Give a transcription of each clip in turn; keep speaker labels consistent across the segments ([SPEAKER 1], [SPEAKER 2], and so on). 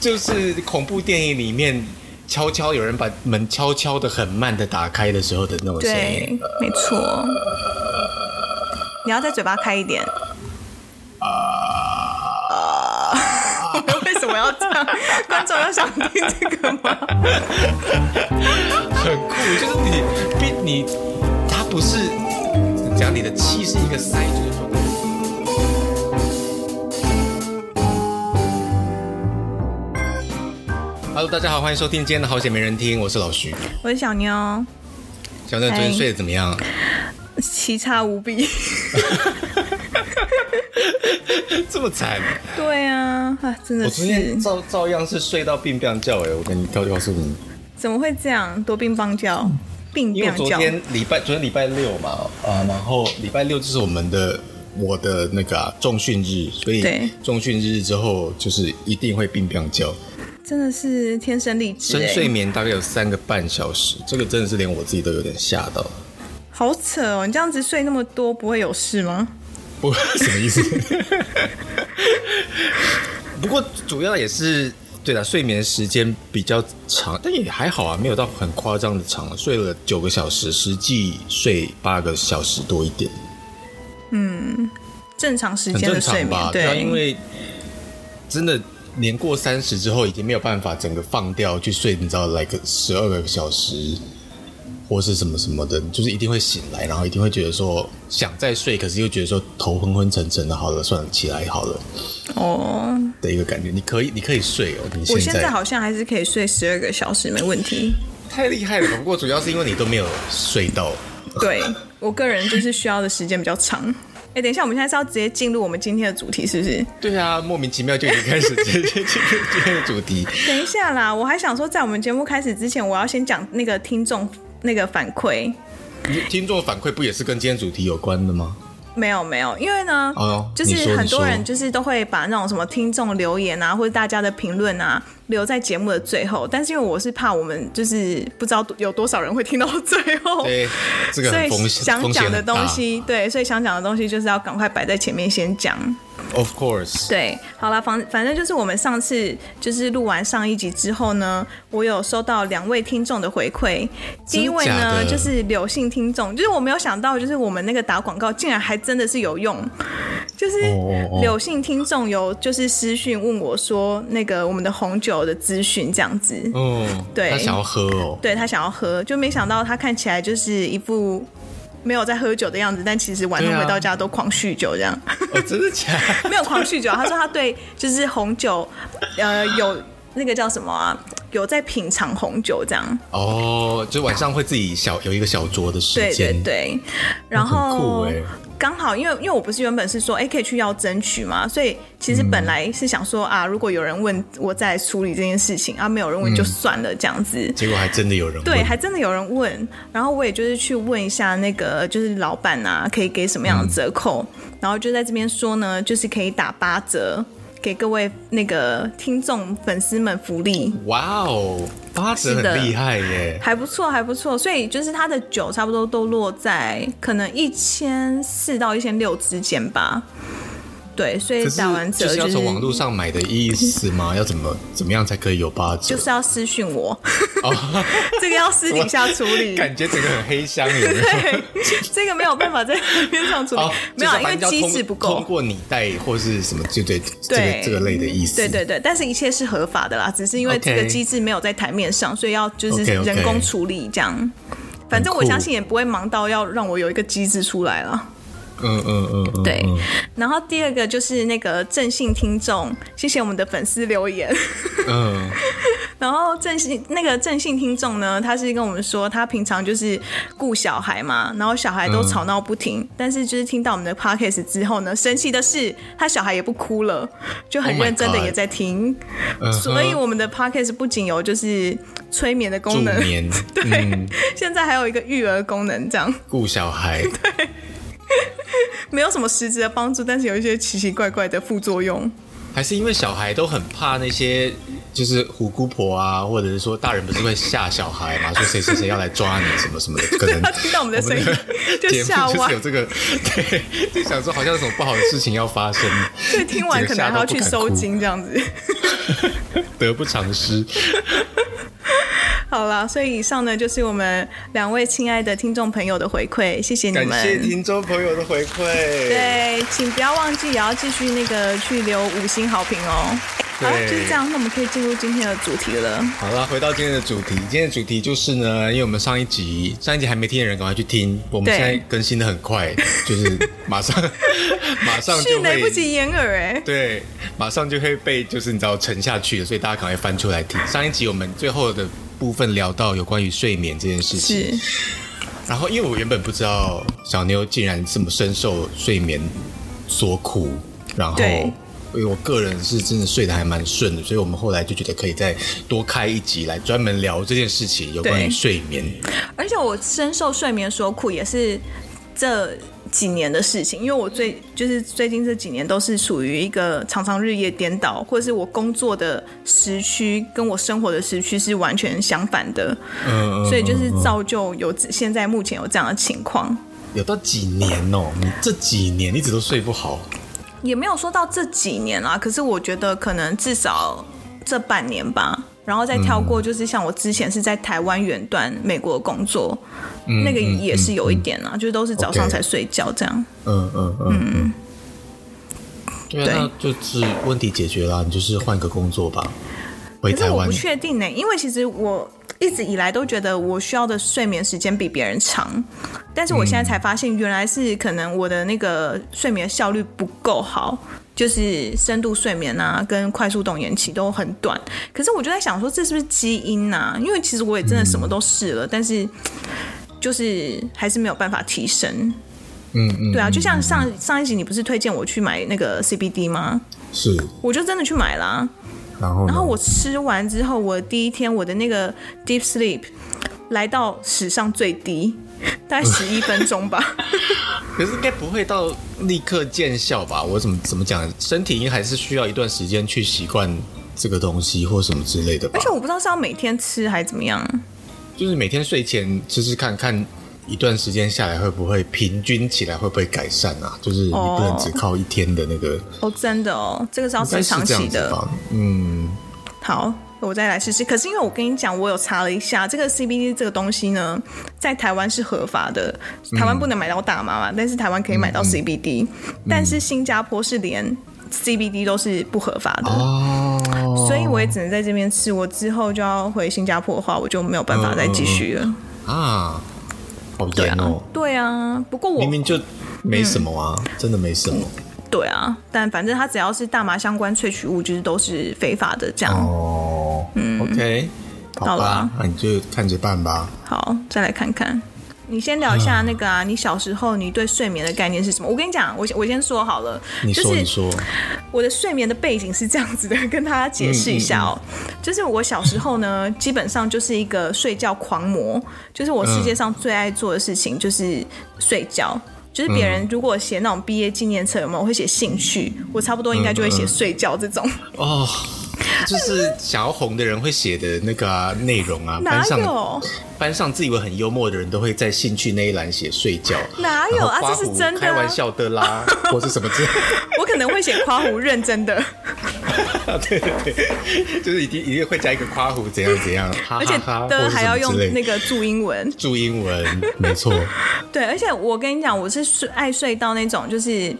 [SPEAKER 1] 就是恐怖電影裡面，悄悄有人把門悄悄的、很慢的打開的時候的那種聲
[SPEAKER 2] 音，沒錯。Uh, 你要在嘴巴開一點。啊！Uh, uh, 為什麼要這
[SPEAKER 1] 樣？ 觀眾要想聽這個嗎？ 很酷，就是你，逼你，他不是講你的氣是一個塞住。就是 Hello，大家好，歡迎收聽今天的好險沒人聽，我是老徐。
[SPEAKER 2] 我是小妞。
[SPEAKER 1] 小妞昨天睡得怎麼樣？
[SPEAKER 2] 奇差無比，
[SPEAKER 1] 這麼慘慘？
[SPEAKER 2] 對啊，啊，真的是，我昨天照
[SPEAKER 1] 照樣是睡到病病覺哎、欸，我跟你交代清
[SPEAKER 2] 怎麼會這樣？多病病覺病病覺，因為昨天
[SPEAKER 1] 禮拜昨天禮拜六嘛啊，然後禮拜六就是我們的我的那個、啊、重訓日，所以重訓日之後就是一定會病病覺。
[SPEAKER 2] 真的是天生麗質、欸、深睡眠
[SPEAKER 1] 大概有三個半小時，這個真的是連我自己都有點嚇到。
[SPEAKER 2] 好扯哦，你這樣子睡那麼多，不會有事嗎？
[SPEAKER 1] 不，什麼意思？ 不過主要也是對了，睡眠時間比較長，但也還好啊，沒有到很誇張的長，睡了九個小時，實際睡八個小時多一點。嗯，
[SPEAKER 2] 正常時間的睡眠吧，對，因為
[SPEAKER 1] 真的。年過三十之後，已經沒有辦法整個放掉去睡，你知道來個十二個小時或是什麼什麼的，就是一定會醒來，然後一定會覺得說想再睡，可是又覺得說頭昏昏沉沉的，好了，算起來好了，哦的一個感覺。你可以，你可以睡哦。我現在好
[SPEAKER 2] 像還是可以睡十二個小時，沒問題。
[SPEAKER 1] 太厲害了，不過主要是因為你都沒有睡到 對。對
[SPEAKER 2] 我個人就是需要的時間比較長。哎、欸，等一下，我們現在是要直接進入我們今天的主題，是不是？
[SPEAKER 1] 對啊，莫名其妙就已經開始直接進入今天的主題。
[SPEAKER 2] 等一下啦，我還想說，在我們節目開始之前，我要先講那個聽眾那個反饋。
[SPEAKER 1] 聽眾反饋不也是跟今天的主題有關的嗎？
[SPEAKER 2] 沒有沒有，因為呢，哦、就是很多人就是都會把那種什麼聽眾留言啊，或者大家的評論啊，留在節目的最後。但是因為我是怕我們就是不知道有多少人會聽到最後，對
[SPEAKER 1] 這個、所以想講的東西，
[SPEAKER 2] 對，所以想講的東西就是要趕快擺在前面先講。
[SPEAKER 1] Of course。
[SPEAKER 2] 對，好了，反反正就是我們上次就是錄完上一集之後呢，我有收到兩位聽眾的回饋。第一位呢，就是柳姓聽眾，就是我沒有想到，就是我們那個打廣告竟然還真的是有用，就
[SPEAKER 1] 是柳
[SPEAKER 2] 姓聽眾有就是私訊問我說那個我們的紅酒的資訊這樣子。嗯，
[SPEAKER 1] 對，他想要喝哦、喔。
[SPEAKER 2] 對，他想要喝，就沒想到他看起來就是一副。沒有在喝酒的樣子，但其實晚上回到家都狂酗酒
[SPEAKER 1] 這樣。我真的假？
[SPEAKER 2] 沒有狂酗酒，他說他對就是紅酒， 呃有。那個叫什麼啊？有在品嘗紅酒這樣？
[SPEAKER 1] 哦，就晚上會自己小有一個小酌的時間。對對，
[SPEAKER 2] 對然後、欸、剛好因為因為我不是原本是說哎可以去要爭取嘛，所以其實本來是想說、嗯、啊，如果有人問我在處理這件事情啊，沒有人問就算了、嗯、這樣子。
[SPEAKER 1] 結果還真的有人問對，
[SPEAKER 2] 還真的有人問，然後我也就是去問一下那個就是老闆啊，可以給什麼樣的折扣，嗯、然後就在這邊說呢，就是可以打八折。給各位那個聽眾粉絲們福利，
[SPEAKER 1] 哇哦，八十很厲害耶，
[SPEAKER 2] 還不錯，還不錯。所以就是他的酒差不多都落在可能一千四到一千六之間吧。對，所以打完折就是要從網絡上
[SPEAKER 1] 買的意思嗎？要怎麼怎麼樣才可以有八折？就是要私訊我，
[SPEAKER 2] 這個要私底下處理，感
[SPEAKER 1] 覺整個很黑箱。對，
[SPEAKER 2] 這個沒有辦法在台面上處理，沒有，因為機制不夠。通
[SPEAKER 1] 過你帶或是什麼，就對這這個類的意思。對
[SPEAKER 2] 對對，但是一切是合法的啦，只是因為這個機制沒有在台面上，所以要就是人工處理這樣。反正我相信也不會忙到要讓我有一個機制出來了。嗯嗯嗯，嗯嗯對。嗯、然後第二個就是那個正信聽眾，謝謝我們的粉絲留言。嗯， 然後正信那個正信聽眾呢，他是跟我們說，他平常就是顧小孩嘛，然後小孩都吵鬧不停，嗯、但是就是聽到我們的 Podcast 之後呢，神奇的是他小孩也不哭了，就很認真的也在聽。所以、哦、我們的 Podcast 不僅有就是催眠的功能，助
[SPEAKER 1] 眠嗯、
[SPEAKER 2] 對，現在還有一個育兒功能，這樣
[SPEAKER 1] 顧小孩。對。
[SPEAKER 2] 沒有什麼實質的幫助，但是有一些奇奇怪怪的副作用。
[SPEAKER 1] 還是因為小孩都很怕那些，就是虎姑婆啊，或者是說大人不是會嚇小孩嘛？說誰誰誰要來抓你什麼什麼的，可能他聽到我們的聲音就嚇。就是有這個，對，就想說好像有什麼不好的事情要發生，所以聽完可能還要去收驚，這樣子，得不償失。
[SPEAKER 2] 好了，所以以上呢就是我們兩位親愛的聽眾朋友的回饋，謝謝你們，感謝聽
[SPEAKER 1] 眾朋友的回饋。對，
[SPEAKER 2] 請不要忘記也要繼續那個去留五星好評哦。對好，就這樣，那我們可以進入今天的主題了。
[SPEAKER 1] 好了，回到今天的主題，今天的主題就是呢，因為我們上一集，上一集還沒聽的人趕快去聽，我們現在更新得很快，對就是馬上 馬上就會，來不及
[SPEAKER 2] 掩耳哎，欸，
[SPEAKER 1] 對，馬上就會被就是你知道沉下去了，所以大家趕快翻出來聽。上一集我們最後的部分聊到有關於睡眠這件事情，是然後因為我原本不知道小妞竟然這麼深受睡眠所苦，然後對因為我個人是真的睡得還蠻順的，所以我們後來就覺得可以再多開一集來專門聊這件事情有關於睡眠，
[SPEAKER 2] 而且我深受睡眠所苦也是這。幾年的事情，因為我最就是最近這幾年都是屬於一個常常日夜顛倒，或者是我工作的時區跟我生活的時區是完全相反的，嗯，嗯，嗯，嗯，所以就是造就有現在目前有這樣的情況，
[SPEAKER 1] 有到幾年喔？你這幾年一直都睡不好？
[SPEAKER 2] 也沒有說到這幾年啦，可是我覺得可能至少這半年吧。然後再跳過，就是像我之前是在台灣遠端美國工作，
[SPEAKER 1] 嗯、那個也是有一點
[SPEAKER 2] 啊，嗯、就是都是早上才睡覺這樣。
[SPEAKER 1] 嗯嗯嗯嗯。對、嗯、啊，嗯嗯、那就是問題解決了，你就是換個工作吧。可是我不確
[SPEAKER 2] 定呢、欸，因為其實我一直以來都覺得我需要的睡眠時間比別人長，但是我現在才發現原來是可能我的那個睡眠效率不夠好。就是深度睡眠啊，跟快速動眼期都很短。可是我就在想說，這是不是基因啊？因為其實我也真的什麼都試了，嗯、但是就是還是沒有辦法提升。嗯嗯，嗯，嗯，嗯
[SPEAKER 1] 嗯，對啊，就像
[SPEAKER 2] 上上一集你不是推薦我去買那個 CBD 嗎？
[SPEAKER 1] 是，
[SPEAKER 2] 我就真的去買啦，啊。
[SPEAKER 1] 然後，然後我
[SPEAKER 2] 吃完之後，我第一天我的那個 deep sleep 來到史上最低。大概十一分鐘吧，
[SPEAKER 1] 可是應該不會到立刻見效吧？我怎麼怎麼講，身體應該還是需要一段時間去習慣這個東西或什麼之類的。
[SPEAKER 2] 而且我不知道是要每天吃還是怎麼樣，
[SPEAKER 1] 就是每天睡前吃吃看看，一段時間下來會不會平均起來會不會改善啊？就是你不能只靠一天的那個
[SPEAKER 2] 哦，真的哦，這個是要長期的，嗯，好。我再來試試，可是因為我跟你講，我有查了一下，這個 CBD 這個東西呢，在台灣是合法的，台灣不能買到大麻嘛，嗯、但是台灣可以買到 CBD，、嗯嗯、但是新加坡是連 CBD 都是不合法的，
[SPEAKER 1] 哦、所以我也
[SPEAKER 2] 只能在這邊吃。我之後就要回新加坡的話，我就沒有辦法再繼續了、嗯嗯嗯、
[SPEAKER 1] 啊，好嚴、哦對，啊、
[SPEAKER 2] 對啊，不過我明明
[SPEAKER 1] 就沒什麼啊，嗯、真的沒什麼。嗯
[SPEAKER 2] 對啊，但反正它只要是大麻相關萃取物，就是都是非法的這樣。
[SPEAKER 1] 哦，嗯，OK，、啊、好啦，那你就看着辦吧。好，
[SPEAKER 2] 再來看看，你先聊一下那個啊，嗯、你小時候你對睡眠的概念是什麼？我跟你講，我我先說好了，你說你說，就是我的睡眠的背景是這樣子的，跟大家解釋一下哦、喔，嗯嗯嗯，就是我小時候呢， 基本上就是一個睡覺狂魔，就是我世界上最愛做的事情就是睡覺。其實別人如果寫那種畢業紀念冊，有沒有、嗯、我會寫興趣？我差不多應該就會寫睡覺這種
[SPEAKER 1] 哦。嗯嗯 oh, 就是想要紅的人會寫的那個內、啊、容啊，哪有班上班上自以為很幽默的人都會在興趣那一欄寫睡覺，哪有啊？這是真的、啊、開玩笑的啦， 或是什麼字？
[SPEAKER 2] 我可能會寫誇胡， 認真的。
[SPEAKER 1] 對對對，就是一定一定會加一個誇胡怎樣怎樣，而且燈還要用那
[SPEAKER 2] 個注英文，
[SPEAKER 1] 注英文，沒錯。
[SPEAKER 2] 對，而且我跟你講，我是睡愛睡到那種，就是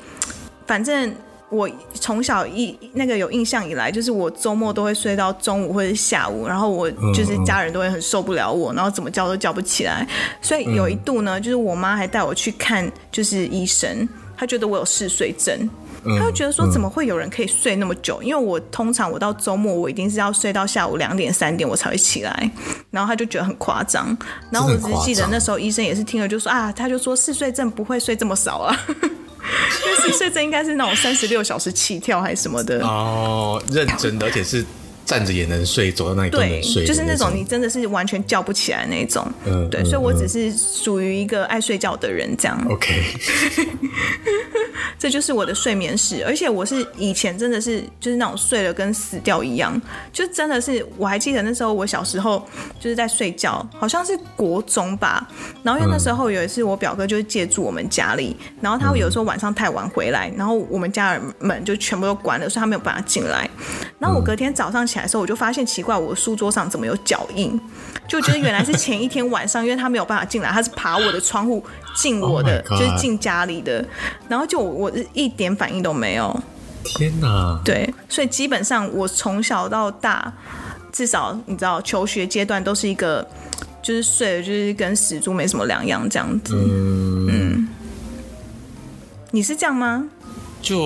[SPEAKER 2] 反正我從小一那個有印象以來，就是我週末都會睡到中午或者是下午，然後我就是家人都會很受不了我，然後怎麼叫都叫不起來。所以有一度呢，嗯、就是我媽還帶我去看就是醫生，她覺得我有嗜睡症。他就覺得說怎麼會有人可以睡那麼久？嗯嗯、因為我通常我到周末我一定是要睡到下午兩點三點我才會起來，然後他就覺得很誇張。然後我只是記得那時候醫生也是聽了就說啊，他就說嗜睡症不會睡這麼少啊，嗜 睡症應該是那種三十六小時起跳還是什麼的。哦，
[SPEAKER 1] 認真的，而且是。站着也能睡，走到那裡都能睡，對，就是那種你
[SPEAKER 2] 真的是完全叫不起來那種。
[SPEAKER 1] 嗯，對，嗯、所以我
[SPEAKER 2] 只是屬於一個愛睡覺的人，這樣。OK， 這就是我的睡眠史，而且我是以前真的是就是那種睡了跟死掉一樣，就真的是我還記得那時候我小時候就是在睡覺，好像是國中吧。然後因為那時候有一次我表哥就是借住我們家裡，然後他有時候晚上太晚回來，然後我們家人們就全部都關了，所以他沒有辦法進來。然後我隔天早上起來。時候我就發現奇怪，我書桌上怎麼有腳印？就覺得原來是前一天晚上， 因為他沒有辦法進來，他是爬我的窗戶進我的，Oh my God, 就是進家裡的。然後就我，我是一點反應都沒有。天哪！對，所以基本上我從小到大，至少你知道求學階段都是一個，就是睡就是跟死豬沒什麼兩樣這樣子。嗯，嗯，你是這樣嗎？
[SPEAKER 1] 就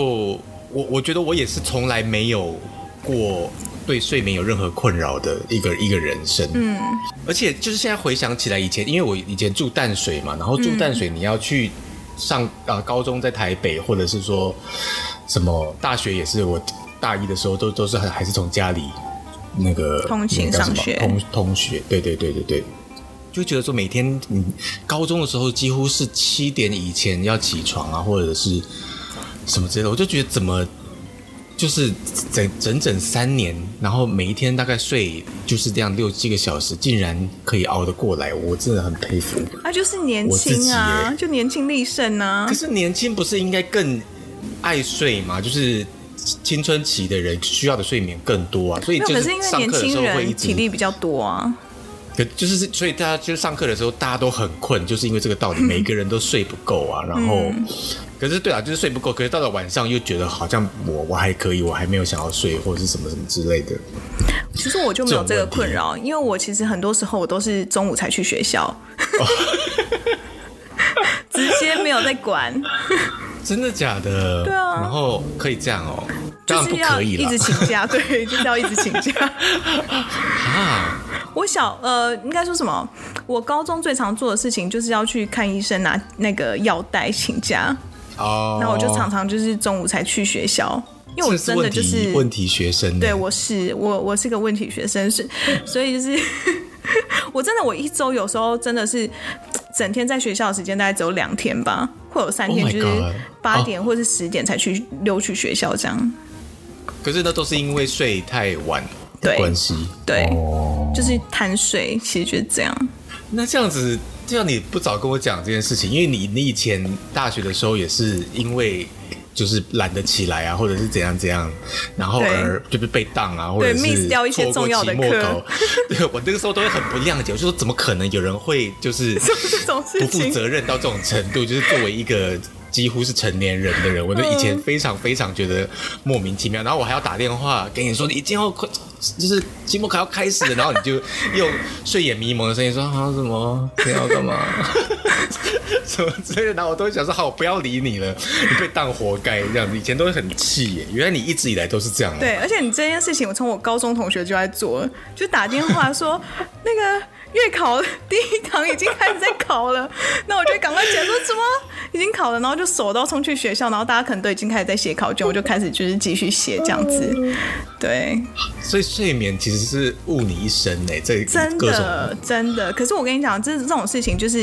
[SPEAKER 1] 我我覺得我也是從來沒有過。對睡眠有任何困擾的一個一個人生，嗯，而且就是現在回想起來以前，因為我以前住淡水嘛，然後住淡水你要去上啊、嗯呃、高中在台北，或者是說什麼大學也是，我大一的時候都都是還還是從家裡那個通勤上學，通通學，對對對對對，就覺得說每天你高中的時候幾乎是七點以前要起床啊，或者是什麼之類的，我就覺得怎麼。就是整整整三年，然後每一天大概睡就是這樣六七個小時，竟然可以熬得過來，我真的很佩服。
[SPEAKER 2] 啊，就是年輕啊，就年輕力盛啊。可是年輕
[SPEAKER 1] 不是應該更愛睡嗎？就是青春期的人需要的睡眠更多啊。所以就是的，可是因為年輕人體力比較多啊。可就是所以大家就上課的時候，大家都很困，就是因為這個道理，嗯、每個人都睡不夠啊。然後，嗯、可是對啊，就是睡不夠，可是到了晚上又覺得好像我我還可以，我還沒有想要睡或者是什麼什麼之類的。
[SPEAKER 2] 其實我就沒有這個困擾，因為我其實很多時候我都是中午才去學校，哦、 直接沒有在管。
[SPEAKER 1] 真的假的？對啊。然後可以這樣哦？喔，當然不可以了，一直請
[SPEAKER 2] 假，對，就是要一直請假。 啊。我小呃，應該說什麼？我高中最常做的事情就是要去看醫生拿那個藥袋請假。
[SPEAKER 1] 哦。那我就常
[SPEAKER 2] 常就是中午才去學校，因為我真的就是，這是問題，
[SPEAKER 1] 問題學生。對，
[SPEAKER 2] 我是我我是個問題學生，是所以就是 我真的我一週有時候真的是整天在學校的時間大概只有兩天吧，會有三天就是八點或是十點才去溜、oh oh. 去學校這樣。
[SPEAKER 1] 可是那都是因為睡太晚。關係。對，對
[SPEAKER 2] 哦、就是貪睡，其實覺得這樣。
[SPEAKER 1] 那這樣子，就像你不早跟我講這件事情，因為你你以前大學的時候也是因為就是懶得起來啊，或者是怎樣怎樣，然後而就被被當啊，對或者是錯過期末考 miss 掉一些重要的課。對，我那個時候都會很不諒解，我就說怎麼可能有人會就是做這
[SPEAKER 2] 種事，不負責
[SPEAKER 1] 任到這種程度，就是作為一個。幾乎是成年人的人，我就以前非常非常覺得莫名其妙，嗯、然後我還要打電話給你說，你一定要快，就是期末快要開始了，然後你就又睡眼迷蒙的聲音說：“好、 啊、什麼？你要幹嘛？什麼之類的？”然後我都會想說：“好，我不要理你了，你被當活該這樣。”以前都是很氣耶，原來你一直以來都是這樣、啊。對，
[SPEAKER 2] 而且你這件事情，我從我高中同學就在做，就打電話說 那個。月考第一堂已經開始在考了， 那我就趕快解說怎麼已經考了，然後就手都衝去學校，然後大家可能都已經開始在寫考卷，我就開始就是繼續寫這樣子，對。
[SPEAKER 1] 所以睡眠其實是誤你一生呢？、欸。這各種真的
[SPEAKER 2] 真的。可是我跟你講，這這種事情就是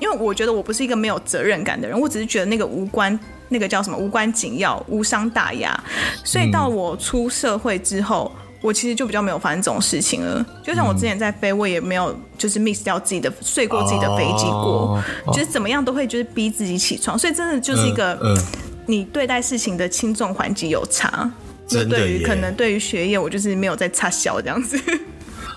[SPEAKER 2] 因為我覺得我不是一個沒有責任感的人，我只是覺得那個無關那個叫什麼無關緊要、無傷大雅，所以到我出社會之後。嗯我其實就比較沒有發生這種事情了，就像我之前在飛，我也沒有就是 miss 掉自己的睡過自己的飛機過，哦、就是怎麼樣都會就是逼自己起床，所以真的就是一個，嗯嗯、你對待事情的輕重緩急有差，那對於可能對於學業我就是沒有在插銷這樣子。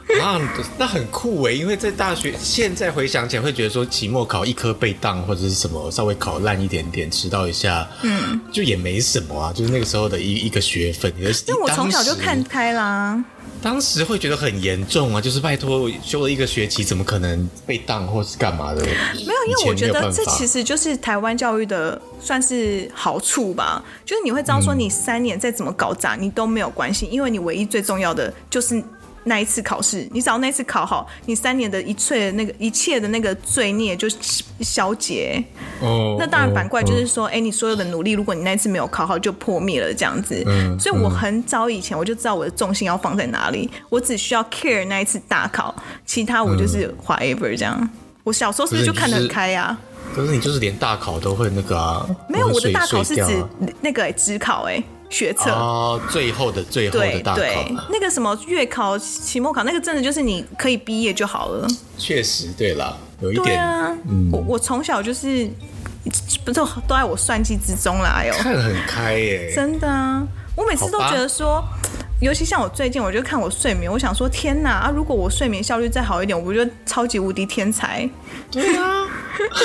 [SPEAKER 1] 啊，那很酷哎，欸！因為在大學，現在回想起來會覺得說，期末考一科被當或者是什麼，稍微考爛一點點，遲到一下，嗯，就也沒什麼啊。就是那個時候的一一個學分，而是但我從小就看開啦，當時，當時會覺得很嚴重啊，就是拜託修了一個學期，怎麼可能被當或是幹嘛的？沒有，因為我覺得這其實
[SPEAKER 2] 就是台灣教育的算是好處吧，嗯、就是你會知道說，你三年再怎麼搞砸，你都沒有關係，因為你唯一最重要的就是。那一次考試，你只要那次考好，你三年的一切那個一切的那個罪孽就消解。哦，oh, 那當然反過來就是說，哎、oh, oh, oh. 欸，你所有的努力，如果你那次沒有考好，就破滅了這樣子。嗯，所以我很早以前我就知道我的重心要放在哪裡，嗯、我只需要 care 那一次大考，其他我就是 whatever 這樣。嗯、我小時候是不是就看得很開呀、啊就
[SPEAKER 1] 是？可是你就是連大考都會那個啊？沒有，我的大考是指、
[SPEAKER 2] 啊、那個、欸、只考哎、欸。學測、哦，
[SPEAKER 1] 最後的最後的大考，啊對
[SPEAKER 2] 對，那個什麼月考、期末考，那個真的就是你可以畢業就好了。
[SPEAKER 1] 確實，對啦，有一點。對啊，嗯，我
[SPEAKER 2] 我從小就是，不是都在我算計之中了，哎呦。看得很
[SPEAKER 1] 開耶、欸。真
[SPEAKER 2] 的啊，我每次都覺得說。尤其像我最近，我就看我睡眠，我想說天哪啊，如果我睡眠效率再好一點，我就超級無敵天才。對
[SPEAKER 1] 啊，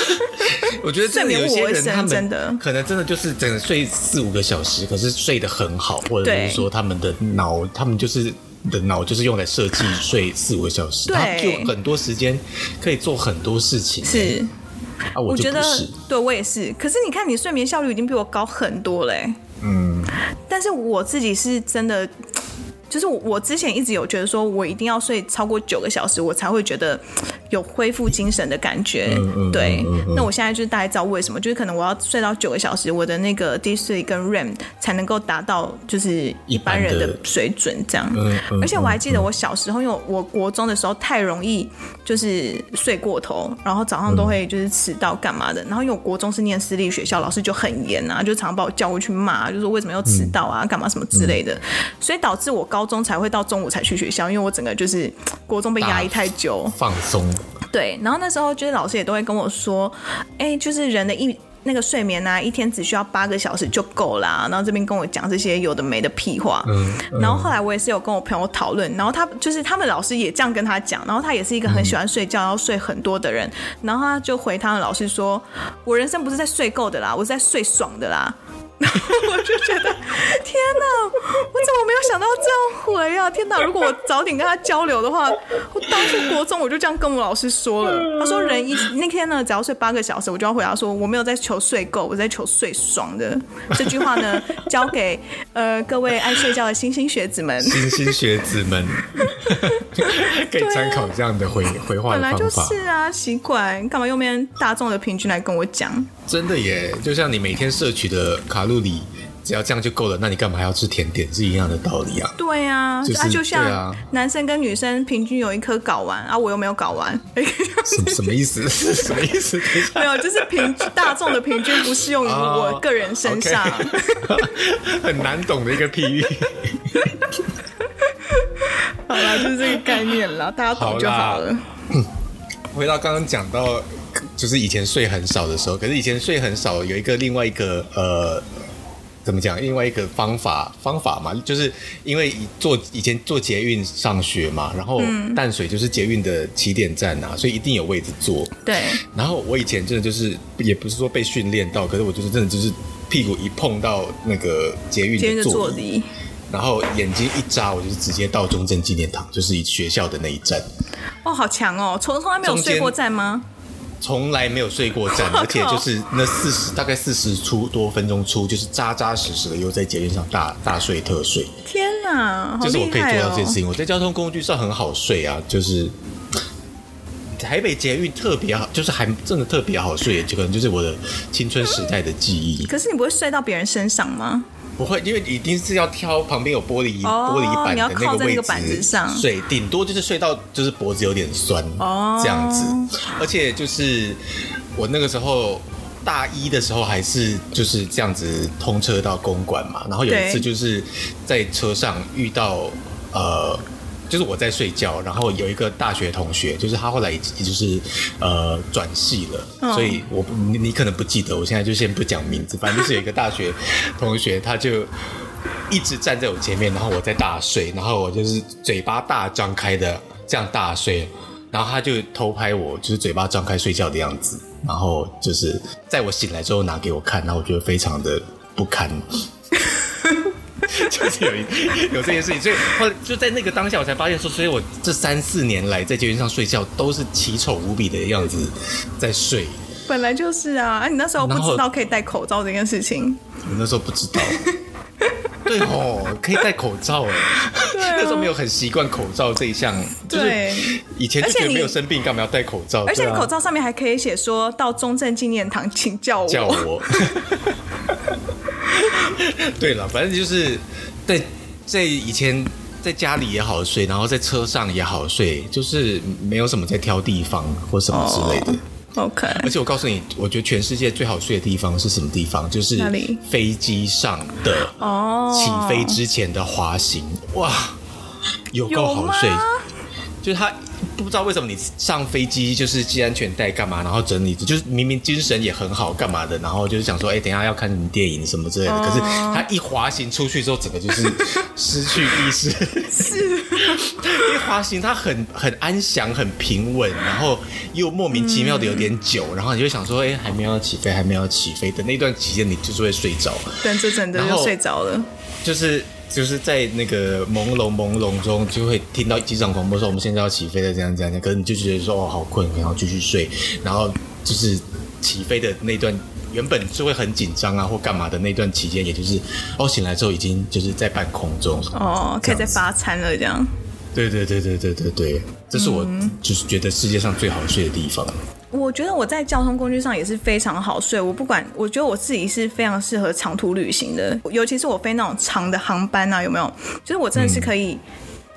[SPEAKER 1] 我覺得睡眠我會他們 真的。可能真的就是整個睡四五個小時，可是睡得很好，或者是說他們的腦，對他們就是的腦就是用來設計睡四五個小時，他，對就很多時間可以做很多事情。是啊，我，是我覺得，
[SPEAKER 2] 對我也是。可是你看，你睡眠效率已經比我高很多嘞、欸。嗯，但是我自己是真的。就是我，之前一直有覺得，說我一定要睡超過九個小時，我才會覺得有恢復精神的感覺。嗯嗯、對，嗯嗯嗯、那我現在就是大概知道為什麼，就是可能我要睡到九個小時，我的那個 D 睡跟 REM 才能夠達到就是一般人的水準這樣。嗯嗯嗯嗯、而且我還記得我小時候，因為我國中的時候太容易就是睡過頭，然後早上都會就是遲到幹嘛的。嗯、然後因為我國中是念私立學校，老師就很嚴啊，就常常把我叫過去罵、啊，就說為什麼要遲到啊，幹、嗯、嘛什麼之類的。嗯嗯、所以導致我高。高中才會到中午才去學校，因為我整個就是國中被壓抑太久，
[SPEAKER 1] 放鬆。
[SPEAKER 2] 對，然後那時候就是老師也都會跟我說，哎、欸，就是人的一那個睡眠啊，一天只需要八個小時就夠啦。然後這邊跟我講這些有的沒的屁話。嗯。嗯，然後後來我也是有跟我朋友討論，然後他就是他們老師也這樣跟他講，然後他也是一個很喜歡睡覺、後、嗯、睡很多的人，然後他就回他的老師說：“我人生不是在睡夠的啦，我是在睡爽的啦。” 然後我就覺得，天哪，我怎麼沒有想到這樣回啊？天哪，如果我早點跟他交流的話，我當初國中我就這樣跟我老師說了。他說人一那天呢，只要睡八個小時，我就要回答說我沒有在求睡夠，我在求睡爽的。這句話呢，交給呃各位愛睡覺的莘莘學子們，莘莘
[SPEAKER 1] 學子們，給 參考這樣的回，啊、回話的方法本來就是
[SPEAKER 2] 啊，奇怪，干嘛用別人大眾的平均來跟我講？
[SPEAKER 1] 真的耶，就像你每天攝取的卡路里，只要這樣就夠了，那你幹嘛還要吃甜點？是一樣的道理啊。對
[SPEAKER 2] 呀，就是就像男生跟女生平均有一顆睾丸啊，我又沒有睾丸。
[SPEAKER 1] 什麼，什麼意思？是 什麼意思？ 沒有，就是平
[SPEAKER 2] 大眾的平均不適用於我個人身上。Oh,
[SPEAKER 1] okay. 很難懂的一個比喻
[SPEAKER 2] 好了就是這個概念了，大家懂就好了。
[SPEAKER 1] 好，回到剛剛講到。就是以前睡很少的時候，可是以前睡很少有一個另外一個呃，怎麼講？另外一個方法方法嘛，就是因為坐以前坐捷運上學嘛，然後淡水就是捷運的起點站吶、啊，嗯、所以一定有位置坐。對。然後我以前真的就是也不是說被訓練到，可是我就是真的就是屁股一碰到那個捷運的座椅，捷運的座椅，然後眼睛一眨，我就是直接到中正紀念堂，就是學校的那一站。
[SPEAKER 2] 哇、哦，好強哦！從從來沒有睡過站嗎？
[SPEAKER 1] 從來沒有睡過站，而且就是那四十，Oh, God. 大概四十出多分鐘出，就是扎扎實實的，又在捷運上大大睡特睡。
[SPEAKER 2] 天啊，好哦，就是我可以做到這件事情。我在
[SPEAKER 1] 交通工具上很好睡啊，就是台北捷運特別好，就是還真的特別好睡，就可能就是我的青春時代的記憶。
[SPEAKER 2] 可是你不會睡到別人身上嗎？
[SPEAKER 1] 不會，因為一定是要挑旁邊有玻璃，oh, 玻璃板的那個位置睡，頂多就是睡到就是脖子有點酸
[SPEAKER 2] ，oh, 這樣子。
[SPEAKER 1] 而且就是我那個時候大一的時候，還是就是這樣子通車到公館嘛。然後有一次就是在車上遇到對呃。就是我在睡覺，然後有一個大學同學，就是他後來也就是呃轉系了，所以我你可能不記得，我現在就先不講名字，反正就是有一個大學同學， 他就一直站在我前面，然後我在大睡，然後我就是嘴巴大張開的這樣大睡，然後他就偷拍我，就是嘴巴張開睡覺的樣子，然後就是在我醒來之後拿給我看，然後我覺得非常的不堪。就是有一有這件事情，所以後來就在那個當下，我才發現說，所以我這三四年來在街邊上睡覺都是奇醜無比的樣子在睡。
[SPEAKER 2] 本來就是啊，你那時候不知道可以戴口罩這件事情。
[SPEAKER 1] 我、啊、那時候不知道。 對哦，可以戴口罩哎。啊、 那時候沒有很習慣口罩這一項，對就是以前就覺得沒有生病，幹嘛要戴口罩？而且，你、啊、而且你口罩
[SPEAKER 2] 上面還可以寫說：“到中正紀念堂，請叫我。”叫我。
[SPEAKER 1] 對了，反正就是在在以前在家裡也好睡，然後在車上也好睡，就是沒有什麼在挑地方或什麼之類的。Oh, OK，而且我告訴你，我覺得全世界最好睡的地方是什麼地方？就是飛機上的哦，起飛之前的滑行，哇，有夠好睡，嗎就是它。不知道為什麼你上飛機就是繫安全帶幹嘛，然後整理，就是明明精神也很好幹嘛的，然後就是想說，哎、欸，等一下要看什麼電影什麼之類的。哦、可是他一滑行出去之後，整個就是失去意識。 是，他一滑行它很很安詳、很平穩，然後又莫名其妙的有點久，嗯、然後你就想說，哎、欸，還沒有起飛，還沒有起飛的。的那段期間，你就是會睡着，
[SPEAKER 2] 這真的真的就睡着了。
[SPEAKER 1] 就是。就是在那個朦朧朦朧中，就會聽到機場廣播說，我們現在要起飛了，這樣這樣，這樣可能你就覺得說，哦好困，然後繼續睡，然後就是起飛的那段原本是會很緊張啊或幹嘛的那段期間，也就是哦，醒來之後已經就是在半空中
[SPEAKER 2] 哦，可以在發餐了這樣。
[SPEAKER 1] 對對對對對對對，這是我就是覺得世界上最好睡的地方。
[SPEAKER 2] 我覺得我在交通工具上也是非常好睡，我不管，我覺得我自己是非常適合長途旅行的，尤其是我飛那種長的航班啊，有沒有？就是我真的是可以，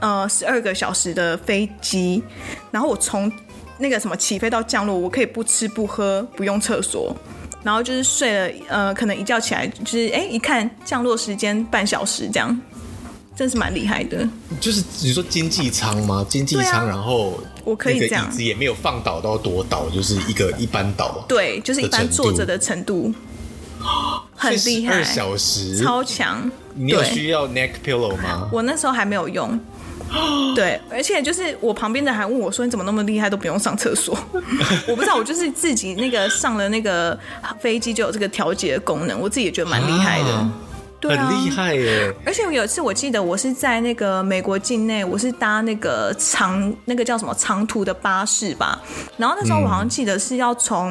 [SPEAKER 2] 嗯、呃，十二個小時的飛機，然後我從那個什麼起飛到降落，我可以不吃不喝，不用廁所，然後就是睡了，呃，可能一覺起來就是哎、欸，一看降落時間半小時這樣。真是蠻厲害的，
[SPEAKER 1] 就是你說經濟艙嗎？經濟艙、啊，然後我可以這樣子，也沒有放倒到多倒，就是一個一般倒，對，就是一般坐着的
[SPEAKER 2] 程度，很厲害，二小時超強。你有需
[SPEAKER 1] 要 neck pillow 嗎？
[SPEAKER 2] 我那時候還沒有用， 對，而且就是我旁邊的人還問我說：“你怎麼那麼厲害，都不用上廁所？” 我不知道，我就是自己那個上了那個飛機就有這個調節的功能，我自己也覺得蠻厲害的。啊啊、很厲害耶、欸！而且我有一次，我記得我是在那個美國境內，我是搭那個長那個叫什麼長途的巴士吧。然後那時候我好像記得是要從、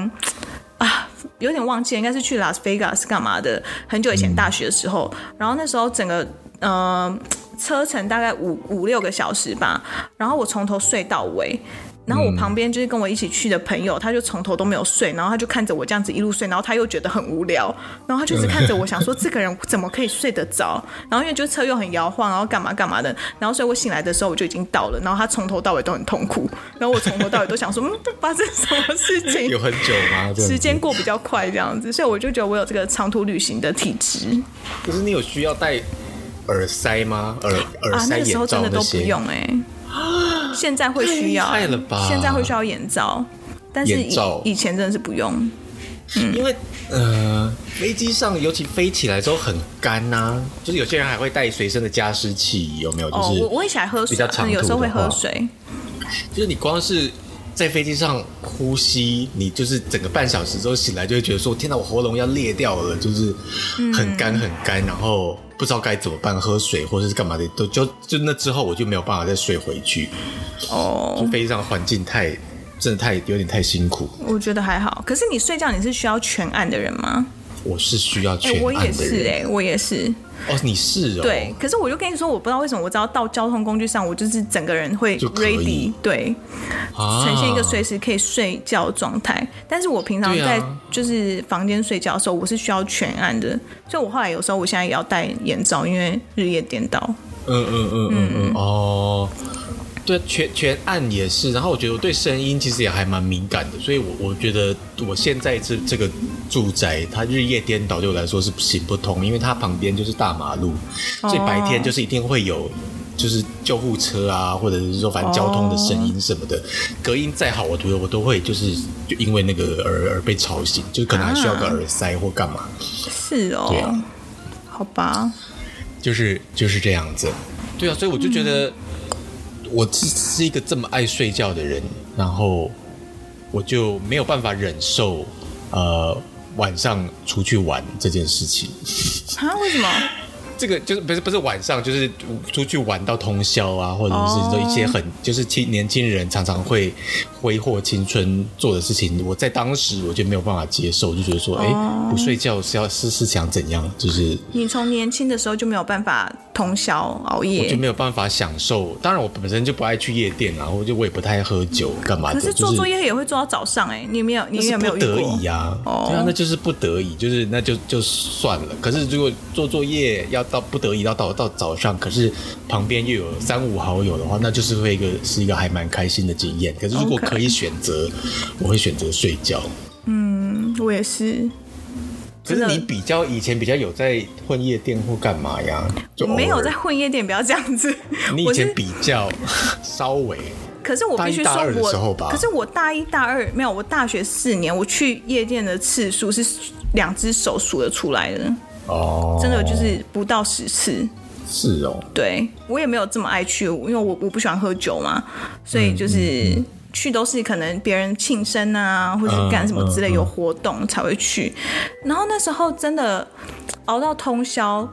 [SPEAKER 2] 嗯、啊，有點忘記，應該是去 Las Vegas 幹嘛的。很久以前大學的時候，嗯、然後那時候整個嗯、呃、車程大概五五六個小時吧，然後我從頭睡到尾。然後我旁邊就是跟我一起去的朋友，嗯、他就從頭都沒有睡，然後他就看着我這樣子一路睡，然後他又覺得很無聊，然後他就只看着我，想說這個人怎麼可以睡得着？ 然後因為就車又很搖晃，然後幹嘛幹嘛的，然後所以我醒來的時候我就已經到了，然後他從頭到尾都很痛苦，然後我從頭到尾都想說， 嗯，發生什麼事情？
[SPEAKER 1] 有很久嗎？時間
[SPEAKER 2] 過比較快這樣子，所以我就覺得我有這個長途旅行的體質。
[SPEAKER 1] 可是你有需要戴耳塞嗎？耳耳塞啊，那個時候真的都不用哎、欸。
[SPEAKER 2] 啊，現在會需要，現在會需要眼罩，但是以罩以前真的是
[SPEAKER 1] 不用，嗯，因為呃，飛機上尤其飛起來之後很乾吶、啊，就是有些人還會帶隨身的加濕器，有沒有？哦、就是我我也
[SPEAKER 2] 喜歡喝水，比較長，有時候會喝水，
[SPEAKER 1] 就是你光是。在飛機上呼吸，你就是整個半小時之後醒來，就會覺得說：天哪，我喉嚨要裂掉了，就是很乾很乾，嗯、然後不知道該怎麼辦，喝水或者是幹嘛的，都就就那之後我就沒有辦法再睡回去。哦，飛機上環境太真的太有點太辛苦。
[SPEAKER 2] 我覺得還好，可是你睡覺你是需要全暗的人嗎？
[SPEAKER 1] 我是需要全暗的人，欸。我也是哎，欸，我也是。哦，你是、哦、對，
[SPEAKER 2] 可是我就跟你說，我不知道為什麼，我只要到交通工具上，我就是整個人會 ready，對，
[SPEAKER 1] 啊、呈現一個隨
[SPEAKER 2] 時可以睡覺狀態。但是我平常在就是房間睡覺的時候，我是需要全暗的，所以我後來有時候我現在也要戴眼罩，因為日夜顛倒。
[SPEAKER 1] 嗯嗯嗯嗯嗯，嗯嗯嗯嗯哦。對，全全暗也是。然後我覺得我對聲音其實也還蠻敏感的，所以我，我我覺得我現在這這個住宅，它日夜顛倒對我來說是行不通，因為它旁邊就是大馬路，哦、所以白天就是一定會有就是救護車啊，或者是說反正交通的聲音什麼的，哦、隔音再好，我覺得我都會就是就因為那個而而被吵醒，就是可能還需要個耳塞或幹嘛。
[SPEAKER 2] 啊、是哦，對啊，好吧，
[SPEAKER 1] 就是就是這樣子。對啊，所以我就覺得。嗯我是一個這麼愛睡覺的人，然後我就沒有辦法忍受呃、晚上出去玩這件事情啊。 為什麼？這個就是不是不是晚上，就是出去玩到通宵啊，或者是說一些很就是青年輕人常常會揮霍青春做的事情，我在當時我就沒有辦法接受，就覺得說，哎，不睡覺是要是是想怎樣？就是
[SPEAKER 2] 你從年輕的時候就沒有辦法通宵熬夜，我就
[SPEAKER 1] 沒有辦法享受。當然，我本身就不愛去夜店啊，我就我也不太喝酒幹嘛。可是做作業
[SPEAKER 2] 也會做到早上哎，你有沒有你有沒有，不得已
[SPEAKER 1] 啊，對啊，那就是不得已，就是那就就算了。可是如果做作業要。到不得已到到到早上，可是旁邊又有三五好友的話，那就是會一個是一個還蠻開心的經驗。可是如果可以選擇，Okay 我會選擇睡覺。
[SPEAKER 2] 嗯，我也是。可是你
[SPEAKER 1] 比較以前比較有在混夜店或幹嘛呀？我沒有在
[SPEAKER 2] 混夜店，不要這樣子。
[SPEAKER 1] 你以前比較稍微大一大二。
[SPEAKER 2] 可是我必須說我的時候吧，可是我大一大二沒有，我大學四年我去夜店的次數是兩只手數得出來的。
[SPEAKER 1] 哦，oh, 真的就是
[SPEAKER 2] 不到十次，
[SPEAKER 1] 是哦，
[SPEAKER 2] 對，我也沒有這麼愛去，因為我我不喜歡喝酒嘛，所以就是去都是可能別人慶生啊，嗯、或是幹什麼之類，有活動才會去，嗯嗯嗯、然後那時候真的熬到通宵。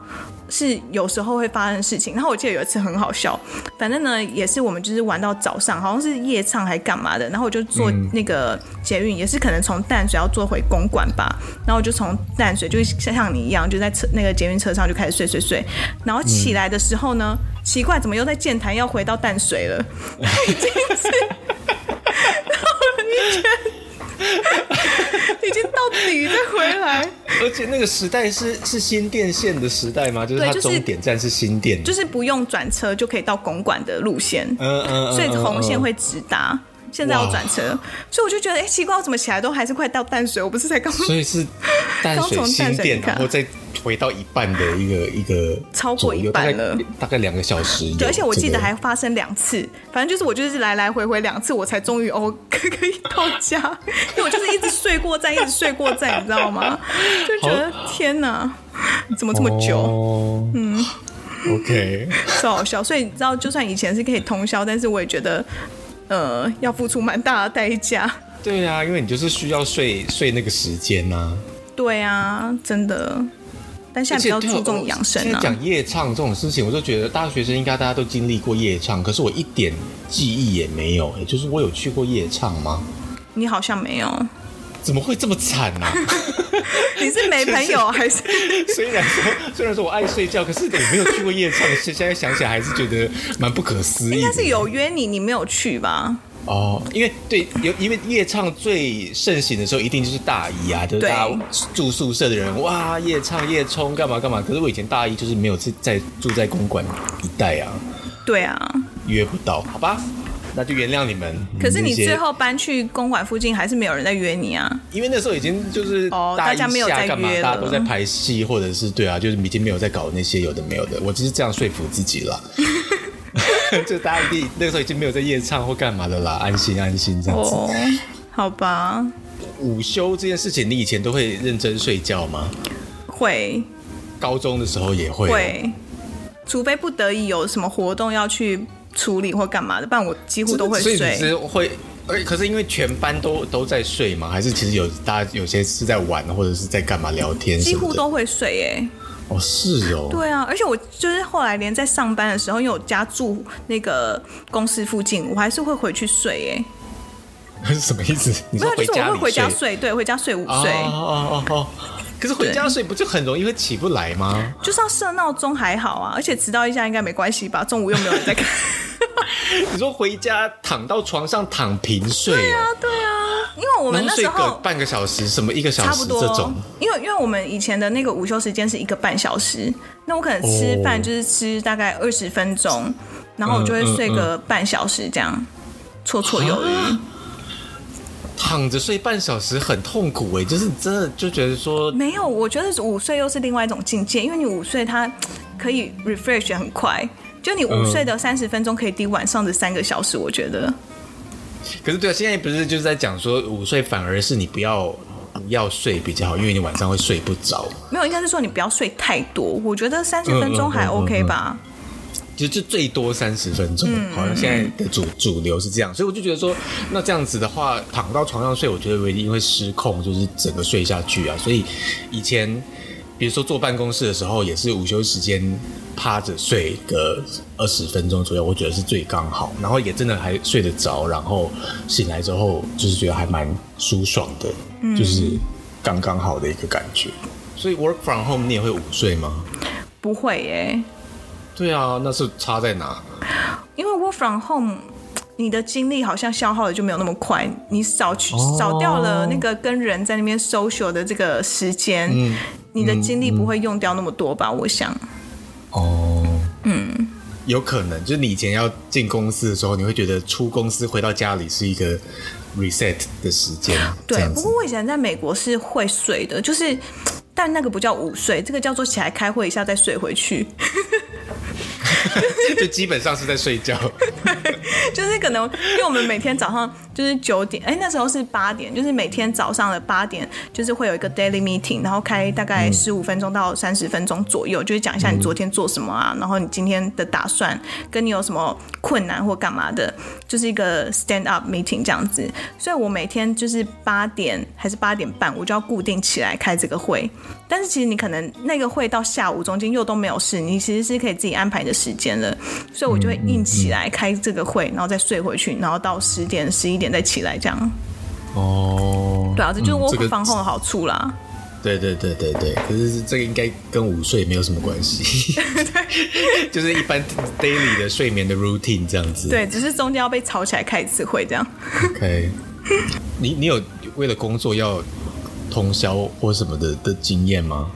[SPEAKER 2] 是有時候會發生的事情，然後我記得有一次很好笑，反正呢也是我們就是玩到早上，好像是夜唱還幹嘛的，然後我就坐那個捷運，嗯、也是可能從淡水要坐回公館吧，然後我就從淡水就像像你一樣，就在車那個捷運車上就開始睡睡睡，然後起來的時候呢，嗯、奇怪怎麼又在劍潭要回到淡水了，
[SPEAKER 1] 繞了一圈。 已經到底再回來，而且那個時代是是新店線的時代嗎？就是它終點站是新店，對，就
[SPEAKER 2] 是，就是不用轉車就可以到公館的路線，嗯嗯
[SPEAKER 1] 嗯，所以紅線會
[SPEAKER 2] 直達。嗯嗯嗯嗯現在要轉車，Wow 所以我就覺得哎、欸，奇怪，我怎麼起來都還是快到淡水？我不是才剛所以是
[SPEAKER 1] 淡水，淡水新店然後再回到一半的一個一個超過一半了，大概兩個小時。對，而且我記得還
[SPEAKER 2] 發生兩次，這個，反正就是我就是來來回回兩次，我才終於哦可以到家。因為我就是一直睡過站， 一直睡過站，你知道嗎？就覺得好天哪，怎麼這麼久
[SPEAKER 1] ？Oh, 嗯，OK，
[SPEAKER 2] 好笑。所以你知道，就算以前是可以通宵，但是我也覺得。呃，要付出蠻大的代價。
[SPEAKER 1] 對啊，因為你就是需要睡睡那個時間啊。
[SPEAKER 2] 對啊，真的。但現在，而且比較注重養生啊。哦，
[SPEAKER 1] 講夜唱這種事情，我就覺得大學生應該大家都經歷過夜唱，可是我一點記憶也沒有。哎，就是我有去過夜唱嗎？
[SPEAKER 2] 你好像沒有。
[SPEAKER 1] 怎麼會這麼慘呢、啊？ 你是沒朋友還是、就是？雖然說雖然說我愛睡覺，可是我沒有去過夜唱。現現在想起來還是覺得蠻不可思議。應該是有約你，你沒有去吧？哦，因為對，有因為夜唱最盛行的時候，一定就是大一啊，就是大家住宿舍的人，對哇，夜唱夜衝幹嘛幹嘛。可是我以前大一就是沒有在，在住在公館一帶啊。對啊，約不到，好吧。那就原諒你們。嗯、可是你最後
[SPEAKER 2] 搬去公館附近，還是沒有人在約你啊？因為那
[SPEAKER 1] 時候已經就是哦，大家沒有在約，大家都在拍戲，或者是對啊，就是已經沒有在搞那些有的沒有的。我就是這樣說服自己了， 就大家一定那個時候已經沒有在夜唱或幹嘛的啦，安心安心這樣子。哦、
[SPEAKER 2] 好吧。
[SPEAKER 1] 午休這件事情，你以前都會認真睡覺嗎？
[SPEAKER 2] 會，
[SPEAKER 1] 高中的時候也會，會，
[SPEAKER 2] 除非不得已有什麼活動要去處理或幹嘛的，不然我幾乎都會睡。所
[SPEAKER 1] 以你其實會、欸，可是因為全班都都在睡嘛，還是其實有大家有些是在玩，或者是在幹嘛聊天？是是幾乎都
[SPEAKER 2] 會睡、欸，哎，
[SPEAKER 1] 哦，是哦，對
[SPEAKER 2] 啊，而且我就是後來連在上班的時候，因為我家住那個公司附近，我還是會回去睡、欸，
[SPEAKER 1] 哎，那是什麼意思？你說回家裡睡？沒有、就是我會回家睡。
[SPEAKER 2] 對，回家睡午睡。哦哦哦哦。
[SPEAKER 1] 可是回家睡不就很容易會起不來嗎？
[SPEAKER 2] 就是要設鬧鐘。還好啊，而且遲到一下應該沒關係吧？中午又沒有人在
[SPEAKER 1] 看。 你說回家躺到床上躺平睡？對啊，對啊，
[SPEAKER 2] 因為我們那時候睡個
[SPEAKER 1] 半個小時什麼一個小時，差不多。這種。
[SPEAKER 2] 因為因為我們以前的那個午休時間是一個半小時，那我可能吃飯就是吃大概二十分鐘，哦、然後我就會睡個半小時這樣，嗯嗯嗯、綽綽有餘。
[SPEAKER 1] 躺着睡半小時很痛苦哎、欸，就是真的就覺得說
[SPEAKER 2] 沒有，我覺得午睡又是另外一種境界，因為你午睡它可以 refresh 很快，就你午睡的三十分鐘可以抵晚上的三個小時，
[SPEAKER 1] 我覺得。嗯、可是對啊，現在不是就是在講說午睡反而是你不要要睡比較好，因為你晚上會睡不着。
[SPEAKER 2] 沒有，應該是說你不要睡太多，我覺得三十分鐘還 OK 吧。嗯嗯嗯
[SPEAKER 1] 嗯。就這最多三十分鐘，好像、嗯、現在的主主流是這樣，所以我就覺得說，那這樣子的話，躺到床上睡，我覺得我一定會失控，就是整個睡下去啊。所以以前比如說坐辦公室的時候，也是午休時間趴着睡個二十分鐘左右，我覺得是最剛好，然後也真的還睡得着，然後醒來之後就是覺得還蠻舒爽的，嗯、就是剛剛好的一個感覺。所以 work from home 你也會午睡嗎？
[SPEAKER 2] 不會耶、欸。
[SPEAKER 1] 對啊，那是差在哪？
[SPEAKER 2] 因為 work from home，你的精力好像消耗的就沒有那麼快，你少去少掉了那個跟人在那邊 social 的這個時間，嗯、你的精力不會用掉那麼多吧？嗯、我想。
[SPEAKER 1] 哦，嗯，有可能。就是你以前要進公司的時候，你會覺得出公司回到家裡是一個 reset 的時間。
[SPEAKER 2] 對，不過我以前在美國是會睡的，就是但那個不叫午睡，這個叫做起來開會一下再睡回
[SPEAKER 1] 去。 就基本上是在睡覺
[SPEAKER 2] 就是可能因為我們每天早上就是九點，哎、欸，那時候是八點，就是每天早上的八點，就是會有一個 daily meeting，然後開大概十五分鐘到三十分鐘左右，就是講一下你昨天做什麼啊，然後你今天的打算，跟你有什麼困難或幹嘛的，就是一個 stand up meeting 這樣子。所以我每天就是八點還是八點半，我就要固定起來開這個會。但是其實你可能那個會到下午中間又都沒有事，你其實是可以自己安排的。時間了，所以我就會硬起來開這個會，嗯嗯嗯、然後再睡回去，然後到十點十一點再起來這樣。
[SPEAKER 1] 哦，對啊，啊這就是我放空、這個、的好處啦。對對對對對，可是這個應該跟午睡沒有什麼關係，對對對 就是一般 daily 的睡眠的 routine 這樣子。對，
[SPEAKER 2] 只是中間要被吵起來開一次會這樣。
[SPEAKER 1] OK，你你有為了工作要通宵或什麼的的經驗嗎？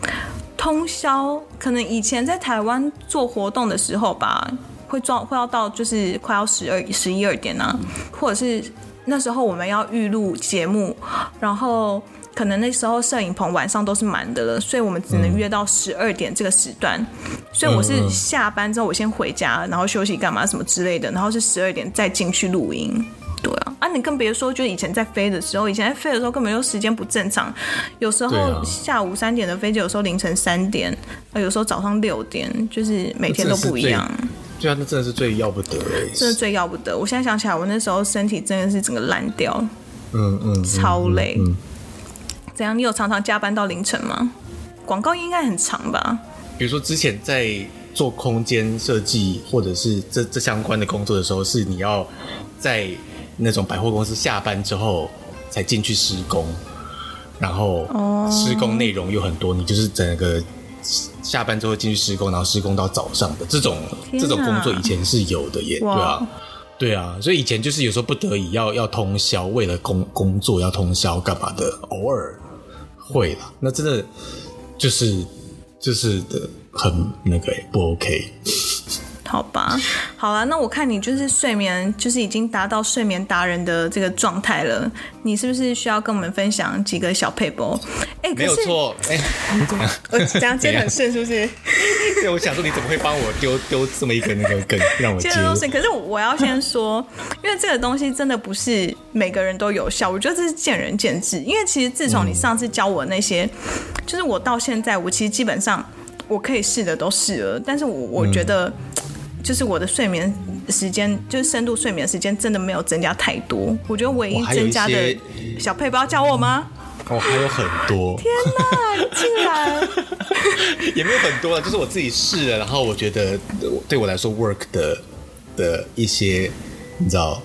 [SPEAKER 2] 通宵可能以前在台灣做活動的時候吧，會撞會要到就是快要十二十一二點啊，嗯、或者是那時候我們要預錄節目，然後可能那時候攝影棚晚上都是滿的了，所以我們只能約到十二點這個時段。嗯、所以我是下班之後我先回家，然後休息幹嘛什麼之類的，然後是十二點再進去錄音。啊！你更別說，就是、以前在飛的時候，以前在飛的時候根本就時間不正常，有時候下午三點的飛機，有時候凌晨三點，啊，有時候早上六點，就是每天都不一樣。
[SPEAKER 1] 對啊，那真的是最要不得，真的
[SPEAKER 2] 最要不得。我現在想起來，我那時候身體真的是整個爛掉，
[SPEAKER 1] 嗯嗯，嗯嗯超累。嗯嗯
[SPEAKER 2] 嗯、怎樣？你有常常加班到凌晨嗎？廣告應該很長吧？
[SPEAKER 1] 比如說，之前在做空間設計或者是這這相關的工作的時候，是你要在。那種百貨公司下班之後才進去施工，然後施工內容又很多，oh. 你就是整個下班之後進去施工，然後施工到早上的這種、啊、這種工作以前是有的耶，對啊，對啊，所以以前就是有時候不得已要要通宵，為了工工作要通宵幹嘛的，偶爾會啦，那真的就是就是的很那個不 OK。好
[SPEAKER 2] 吧，好了、啊，那我看你就是睡眠，就是已經達到睡眠達人的這個狀態了。你是不是需要跟我們分享幾個小撇步，欸？哎，沒有錯，
[SPEAKER 1] 哎、欸，這、嗯、樣這樣真的很
[SPEAKER 2] 順，是不是？所
[SPEAKER 1] 以我想說，你怎麼會幫我丟丟這麼一個、那個梗讓我接的都順？
[SPEAKER 2] 可是我要先說，因為這個東西真的不是每個人都有效，我覺得這是見仁見智。因為其實自從你上次教我那些，嗯、就是我到現在，我其實基本上我可以試的都試了，但是我我覺得。嗯就是我的睡眠時間，就是深度睡眠時間，真的沒有增加太多。我覺得唯一增加的小撇步，叫我嗎？我
[SPEAKER 1] 還、嗯哦、還有很多。 天哪，你竟然 也沒有很多，就是我自己試了，然後我覺得對我來說 work 的的一些，你知道，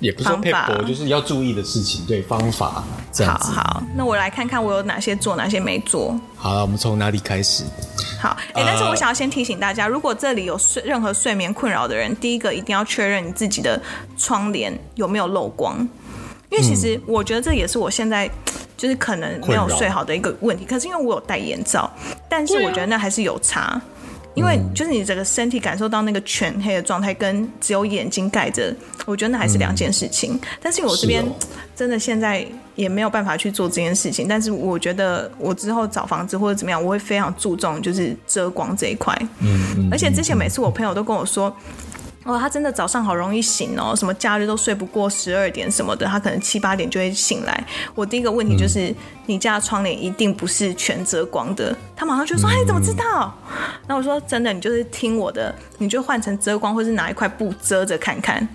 [SPEAKER 1] 也不是撇步，就是要注意的事情。對，方法，這樣子。好，好，
[SPEAKER 2] 那我來看看我有哪些做，哪些沒做。
[SPEAKER 1] 好了，我們從哪裡開始？好、欸，但是我想
[SPEAKER 2] 要先提醒大家，uh, 如果這裡有睡任何睡眠困擾的人，第一個一定要確認你自己的窗簾有沒有漏光，
[SPEAKER 1] 因為其實
[SPEAKER 2] 我覺得這也是我現在、嗯、就是可能沒有睡好的一個問題。可是因為我有戴眼罩，但是我覺得那還是有差，啊、因為就是你整個身體感受到那個全黑的狀態，跟只有眼睛蓋着，我覺得那還是兩件事情。嗯、但是我這邊、哦、真的現在。也沒有辦法去做這件事情，但是我覺得我之後找房子或者怎麼樣，我會非常注重就是遮光這一塊。嗯。嗯，而且之前每次我朋友都跟我說。哦，他真的早上好容易醒哦，什麼假日都睡不過十二點什麼的，他可能七八點就會醒來。我第一個問題就是，嗯、你家的窗簾一定不是全遮光的，他馬上就說：“嗯、哎，怎麼知道？”那、嗯、我說：“真的，你就是聽我的，你就換成遮光，或是拿一塊布遮着看看。”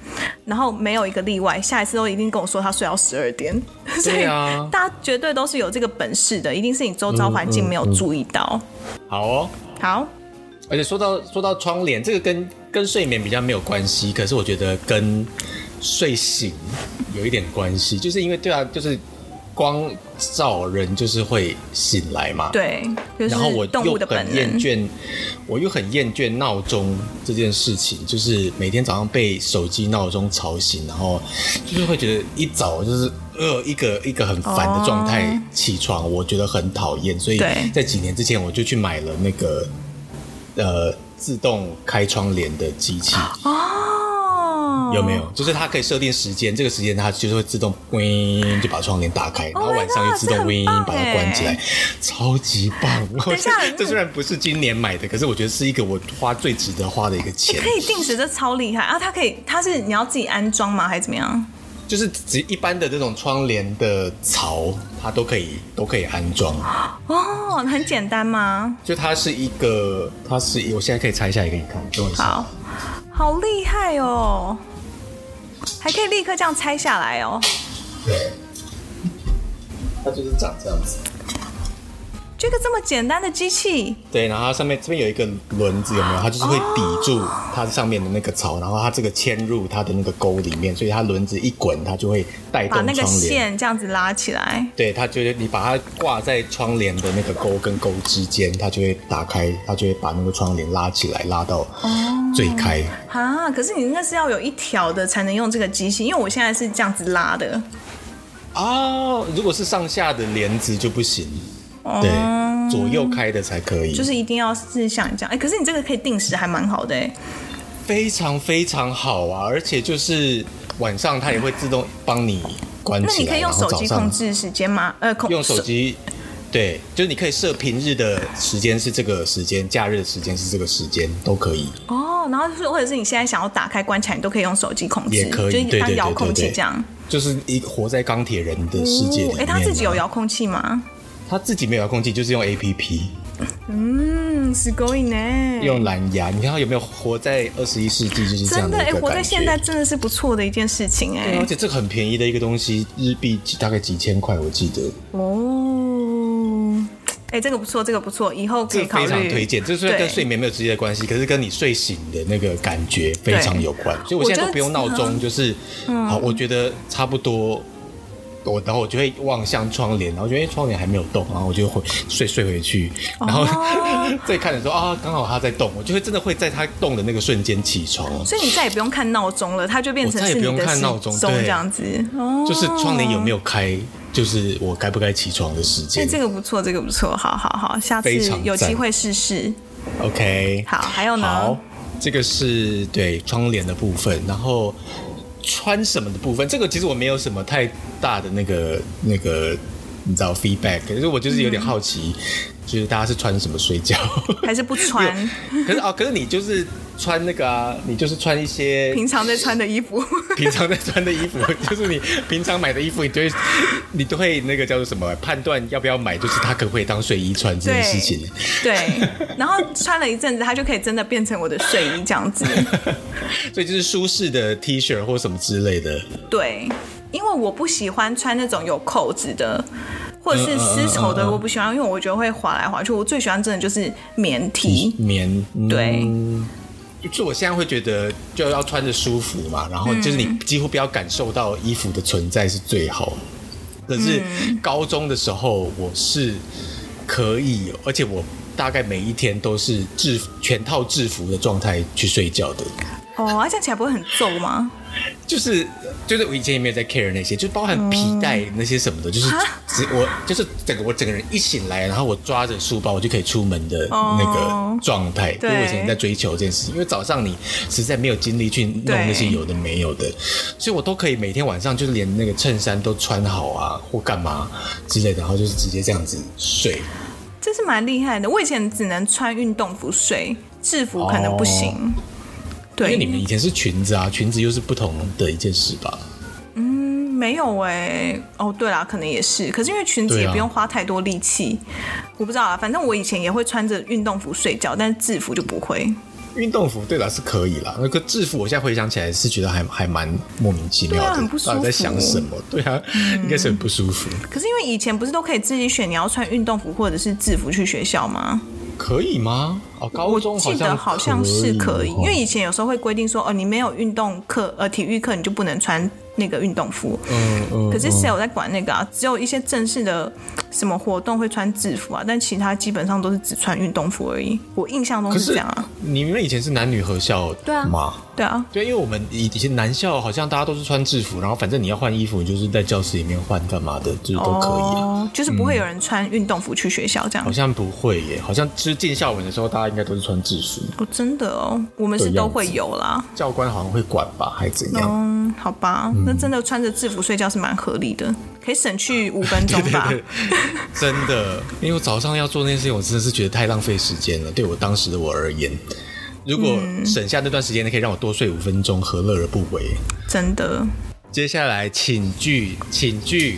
[SPEAKER 2] 然後沒有一個例外，下一次都一定跟我說他睡到十二點。 所以對、啊、大家絕對都是有這個本事的，一定是你周遭環境沒有注意到。嗯
[SPEAKER 1] 嗯嗯、好哦，好。而且說到說到窗簾，這個跟跟睡眠比較沒有關係，可是我覺得跟睡醒有一點關係，就是因為對啊，就是光照人就是會醒來嘛。對，
[SPEAKER 2] 就是、然後我又很厭倦，
[SPEAKER 1] 我又很厭倦鬧鐘這件事情，就是每天早上被手機鬧鐘吵醒，然後就是會覺得一早就是呃一個一個很煩的狀態起床，哦、我覺得很討厭，所以在幾年之前我就去買了那個。呃，自動開窗簾的機器哦，有沒有？就是它可以設定時間，這個時間它就是會自動，嗡，就把窗簾打開，然後晚上又自動，嗡，把它關起來，哦，我的天啊，這很棒欸，超級棒。等一下，我覺得這雖然不是今年買的，可是我覺得是一個我花最值得花的一個錢，欸，可以
[SPEAKER 2] 定時，這超厲害啊！它可以，它是你要自己安裝嗎，還是怎麼樣？
[SPEAKER 1] 就是只一般的這種窗簾的槽，它都可以都可以安裝
[SPEAKER 2] 哦。很簡單嗎？
[SPEAKER 1] 就它是一個，它是我現在可以拆下一個你看，好，好，
[SPEAKER 2] 好厲害哦，還可以立刻這樣拆下來哦。對，它就是
[SPEAKER 1] 長這樣子。
[SPEAKER 2] 這個這麼簡單的機器？
[SPEAKER 1] 對，然後它上面這邊有一個輪子，有沒有？它就是會抵住它上面的那個槽，然後它這個嵌入它的那個鈎裡面，所以它輪子一滾，它就會帶動窗簾，把那個
[SPEAKER 2] 線這樣子拉起來。
[SPEAKER 1] 對，它就是你把它掛在窗簾的那個鈎跟鈎之間，它就會打開，它就會把那個窗簾拉起來，拉到最開。
[SPEAKER 2] 哦、啊！可是你應該是要有一條的才能用這個機器，因為我現在是這樣子拉的。
[SPEAKER 1] 哦、啊，如果是上下的簾子就不行。對，左右開的才可以，嗯、就是
[SPEAKER 2] 一定要是像這樣。哎、欸，可是你這個可以定時，還蠻好的哎、欸，
[SPEAKER 1] 非常非常好啊！而且就是晚上它也會自動幫你關起來，那你可以用手機控制
[SPEAKER 2] 時間嗎？呃，用手機，
[SPEAKER 1] 對，就是你可以設平日的時間是這個時間，假日的時間是這個時間，都可以。
[SPEAKER 2] 哦，然後就是或者是你現在想要打開關卡，你都可以用手機控制，也可以當遙控器這樣，
[SPEAKER 1] 就是一活在鋼鐵人的世界裡哎，他、嗯欸、自己有遙控器嗎？他自己沒有遙控器，就是用 APP。
[SPEAKER 2] 嗯，是 going 用
[SPEAKER 1] 藍牙。你看他有沒有活在二十一世紀，就是這樣的一個感覺。真的，欸，活在現在
[SPEAKER 2] 真的是不錯的一件事情誒、欸。嗯、對而且這個很
[SPEAKER 1] 便宜的一個東西，日幣大概幾千塊，我記得。
[SPEAKER 2] 哦、哎、欸，這個不錯，這個不錯，以後可以考慮。非常推薦，這，就是跟睡
[SPEAKER 1] 眠沒有直接的關係，對可是跟你睡醒的那個感覺非常有關。對所以我現在都不用鬧鐘，就是、嗯好，我覺得差不多。我等會我就會望向窗簾，然後覺得因為窗簾還沒有動，然後我就會睡睡回去，然後、oh. 再看的時候啊，剛好它在動，我就會真的會在它動的那個瞬間起床，所
[SPEAKER 2] 以你再也不用看鬧鐘了，它就變成是你的時鐘，我再也不用看鬧鐘對這樣子，oh. 就是窗簾有
[SPEAKER 1] 沒有開，就是我該不該起床的時間。這
[SPEAKER 2] 個不錯，這個不錯，好好好，下次有機會試試。
[SPEAKER 1] OK，好，還有呢？這個是對窗簾的部分，然後。穿什麼的部分，這個其實我沒有什麼太大的那個那個，你知道 feedback，可是我就是有點好奇。嗯就是大家是穿什麼睡覺，
[SPEAKER 2] 還是不穿？可
[SPEAKER 1] 是哦、啊，可是你就是穿那個啊。你就是穿一些平常
[SPEAKER 2] 在穿的衣服，平
[SPEAKER 1] 常在穿的衣服， 就是你平常買的衣服，你都會，你都會那個叫做什麼判斷要不要買，就是它可不可以當睡衣穿這件事情。對，
[SPEAKER 2] 對，然後穿了一陣子，它就可以真的變成我的睡衣這樣子。
[SPEAKER 1] 所以就是舒適的 T 恤，或什麼之類的。
[SPEAKER 2] 對，因為我不喜歡穿那種有扣子的。
[SPEAKER 1] 或者是絲綢的我不
[SPEAKER 2] 喜歡，嗯嗯嗯嗯、因為我覺得會滑來滑去。我最喜歡真的就是棉 T
[SPEAKER 1] 棉，皮對，嗯、就是、我現在會覺得就要穿着舒服嘛，然後就是你幾乎不要感受到衣服的存在是最好的。嗯、可是高中的時候我是可以，而且我大概每一天都是制服全套制服的狀態去睡覺的。
[SPEAKER 2] 哦，啊、這樣起來不會很皺嗎？
[SPEAKER 1] 就是就是我以前也沒有在 care 那些，就包含皮帶那些什麼的，嗯、就是我就是整個我整個人一醒來，然後我抓着書包，我就可以出門的那個狀態。哦、對，因為我以前在追求這件事，因為早上你實在沒有精力去弄那些有的沒有的，對所以我都可以每天晚上就是連那個襯衫都穿好啊，或幹嘛之類的，然後就是直接這樣子睡。
[SPEAKER 2] 這是蠻厲害的，我以前只能穿運動服睡，制服可能不行。哦對因為你們以前是
[SPEAKER 1] 裙子啊，裙子又是不同的一件事吧？嗯，
[SPEAKER 2] 沒有哎、欸。哦，對啦、啊，可能也是。可是因為裙子也不用花太多力氣，啊、我不知道啊。反正我以前也會穿着運動服睡覺，但是制服就不
[SPEAKER 1] 會。運動服對啦、啊、是可以啦，那個制服我現在回想起來是覺得還還蠻莫名其妙的，對啊、很不舒服。在想什麼？對啊，嗯、應該是很不舒服。
[SPEAKER 2] 可是因為以前不是都可以自己選你要穿運動服或者是制服去學校嗎？
[SPEAKER 1] 可以嗎？哦，高中好像我記得好像是可以，因為以
[SPEAKER 2] 前有時候會規定說，哦，你沒有運動課，呃，體育課你就不能穿那個運動服。嗯嗯。嗯，可是誰有在管那個啊？嗯、只有一些正式的什麼活動會穿制服啊，但其他基本上都是只穿運動服而已。我印象中是這樣啊。
[SPEAKER 1] 你們以前是男女合校的嗎？對啊。對啊，對，因為我們以前男校好像大家都是穿制服，然後反正你要換衣服，你就是在教室裡面換幹嘛的，就是都可以、
[SPEAKER 2] 啊哦，就是不會有人穿運動服去學校這樣。嗯、好
[SPEAKER 1] 像不會耶，好像其實進校門的時候大家應該都是穿制服。
[SPEAKER 2] 哦，真的哦，我們是都會有
[SPEAKER 1] 啦。教官好像會管吧，還是怎樣？嗯、
[SPEAKER 2] 哦，好吧，嗯、那真的穿着制服睡覺是蠻合理的，可以省去五分鐘吧 對對對。
[SPEAKER 1] 真的，因為我早上要做那件事情，我真的是覺得太浪費時間了，對我當時的我而言。如果省下那段時間你、嗯、可以讓我多睡五分鐘，何樂而不為？真的。接下來寢具，寢具，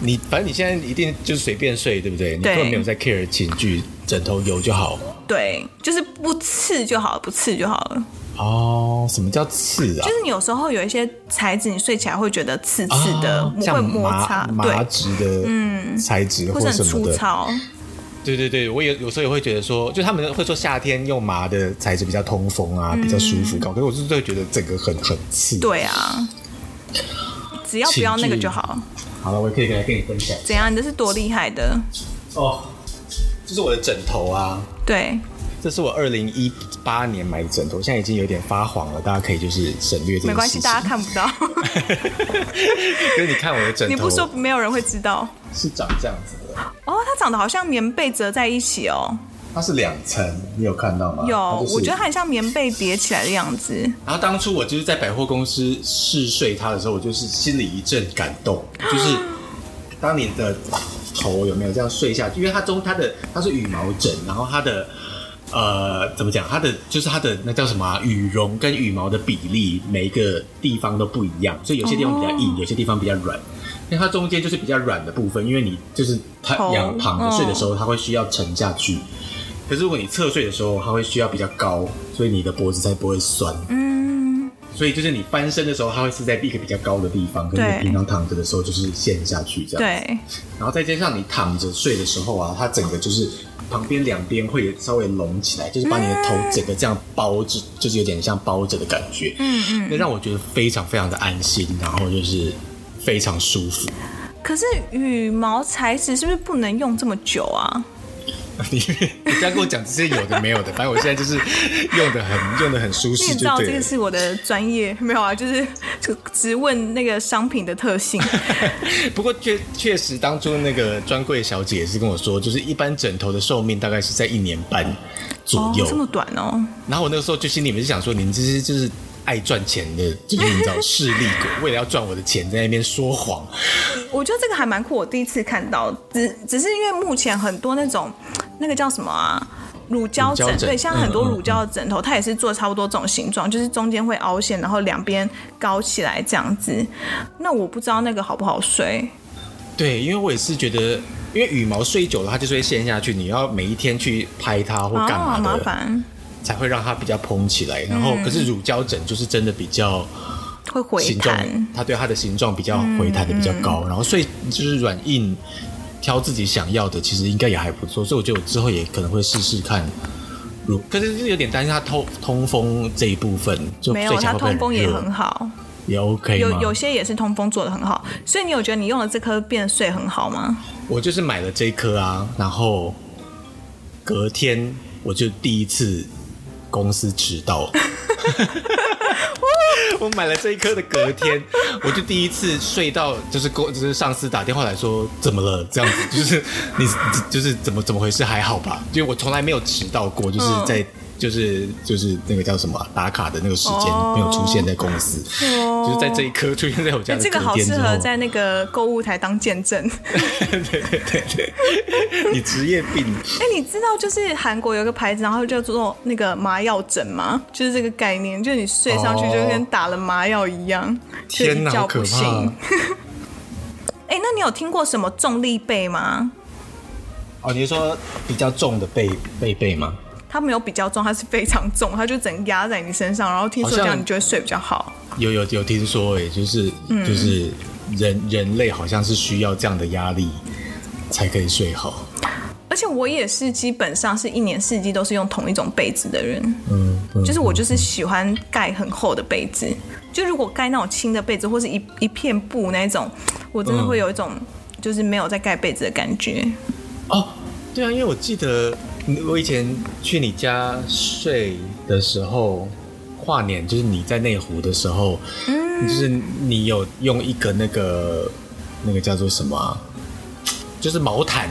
[SPEAKER 1] 你反正你現在一定就是隨便睡，對不對？對你根本沒有在 care 寢具，枕頭有就好。
[SPEAKER 2] 對，就是不刺就好了，不刺就好
[SPEAKER 1] 了。哦，什麼叫刺啊？就是
[SPEAKER 2] 你有時候有一些材質，你睡起來會覺得刺刺的，啊、會摩擦，麻麻
[SPEAKER 1] 質的材質對，嗯，材質或者什麼的。對對對，我也有時候也會覺得說，就他們會說夏天用麻的材質比較通風啊，嗯、比較舒服，搞得我就是會覺得整個很很刺。對啊，
[SPEAKER 2] 只要不要那個就好。
[SPEAKER 1] 好了，我也可以來跟你分享。
[SPEAKER 2] 怎樣？你這是多厲害的？
[SPEAKER 1] 哦，這、就是我的枕頭啊。對。這是我二零一八年買的枕頭，現在已經有點發黃了。大家可以就是省略這個。沒關係，大家
[SPEAKER 2] 看不到。
[SPEAKER 1] 可是你看我的枕頭，你不說不
[SPEAKER 2] 沒有人會知道。
[SPEAKER 1] 是長這樣子
[SPEAKER 2] 的。哦，它長得好像棉被折在一起哦。
[SPEAKER 1] 它是兩層，你有看到嗎？有，它就是、我覺得它很
[SPEAKER 2] 像棉被疊起來的樣子。
[SPEAKER 1] 然後當初我就是在百貨公司試睡它的時候，我就是心裡一陣感動，就是當你的頭有沒有這樣睡下去，因為它中它的它是羽毛枕，然後它的。呃，怎麼講？它的就是它的那叫什麼、啊、羽絨跟羽毛的比例，每一個地方都不一樣，所以有些地方比較硬，哦、有些地方比較軟。那它中間就是比較軟的部分，因為你就是它仰躺著睡的時候，哦、它會需要沉下去；可是如果你側睡的時候，它會需要比較高，所以你的脖子才不會酸。嗯。所以就是你翻身的時候，它會是在一個比較高的地方，跟你平常躺着的時候就是陷下去這樣。對。然後再加上你躺着睡的時候啊，它整個就是旁邊兩邊會稍微隆起來，就是把你的頭整個這樣包着，嗯、就是有點像包着的感覺。嗯嗯。那讓我覺得非常非常的安心，然後就是非常舒服。
[SPEAKER 2] 可是羽毛材質是不是不能用這麼久啊？
[SPEAKER 1] 你，你不要跟我講這些有的沒有的，反正我現在就是用的很用的很舒適。知道這個
[SPEAKER 2] 是我的專業。沒有啊，就是就只問那個商品的特性。
[SPEAKER 1] 不過確確實當初那個專櫃小姐也是跟我說，就是一般枕頭的壽命大概是在一年半左右，哦、這麼短哦。然後我那個時候就心裡面就想說，你們這些就是。愛賺錢的這種勢力，為了要賺我的錢，在那邊說謊。
[SPEAKER 2] 我覺得這個還蠻酷，我第一次看到。只只是因為目前很多那種那個叫什麼啊，乳膠枕、枕，對，像很多乳膠的枕頭，嗯嗯嗯它也是做差不多這種形狀，就是中間會凹陷，然後兩邊高起來這樣子。那我不知道那個好不好睡。
[SPEAKER 1] 對，因為我也是覺得，因為羽毛睡久了它就是會陷下去，你要每一天去拍它或幹嘛的。啊啊麻煩才會讓它比較蓬起來，然後、嗯、可是乳膠枕就是真的比較
[SPEAKER 2] 會回彈，
[SPEAKER 1] 它對，它的形狀比較回彈的比較高，嗯嗯、然後所以就是軟硬挑自己想要的，其實應該也還不錯，所以我覺得我之後也可能會試試看乳，可是就有點擔心它通通風這一部分，沒有，就會會有它通風也很好，也 OK，有有
[SPEAKER 2] 些也是通風做得很好，所以你有覺得你用了這顆變睡很好嗎？
[SPEAKER 1] 我就是買了這顆啊，然後隔天我就第一次。公司遲到， 我買了這一顆的隔天，我就第一次睡到，就是公就是上司打電話來說怎麼了這樣子，就是，就是你就是怎麼怎麼回事？還好吧，就我從來沒有遲到過，就是在。嗯就是就是那個叫什麼、啊、打卡的那個時間沒有出現在公司，oh, oh. 就是在這一刻出現在我家的，欸，這個好適合在
[SPEAKER 2] 那個購物台當見證。
[SPEAKER 1] 對對對，你職業病。哎，
[SPEAKER 2] 欸，你知道就是韓國有個牌子，然後叫做那個麻藥枕嗎？就是這個概念，就是你睡上去就跟打了麻藥一樣，天吶哪。叫不醒哎怕，欸，那你有聽過什麼重力被嗎？
[SPEAKER 1] 哦，你是說比較重的被被被嗎？
[SPEAKER 2] 它沒有比較重，它是非常重，它就整個壓在你身上。然後聽說這樣你就會睡比較好。好
[SPEAKER 1] 有有有聽說哎、欸，就是、嗯、就是人人類好像是需要這樣的壓力才可以睡好。
[SPEAKER 2] 而且我也是基本上是一年四季都是用同一種被子的人。
[SPEAKER 1] 嗯，嗯就是我
[SPEAKER 2] 就是喜歡蓋很厚的被子。嗯、就如果蓋那種輕的被子或是一一片布那種，我真的會有一種就是沒有在蓋被子的感覺、嗯。
[SPEAKER 1] 哦，對啊，因為我記得。我以前去你家睡的時候，跨年就是你在內湖的時候，嗯、就是你有用一個那個那個叫做什麼、啊，就是毛毯，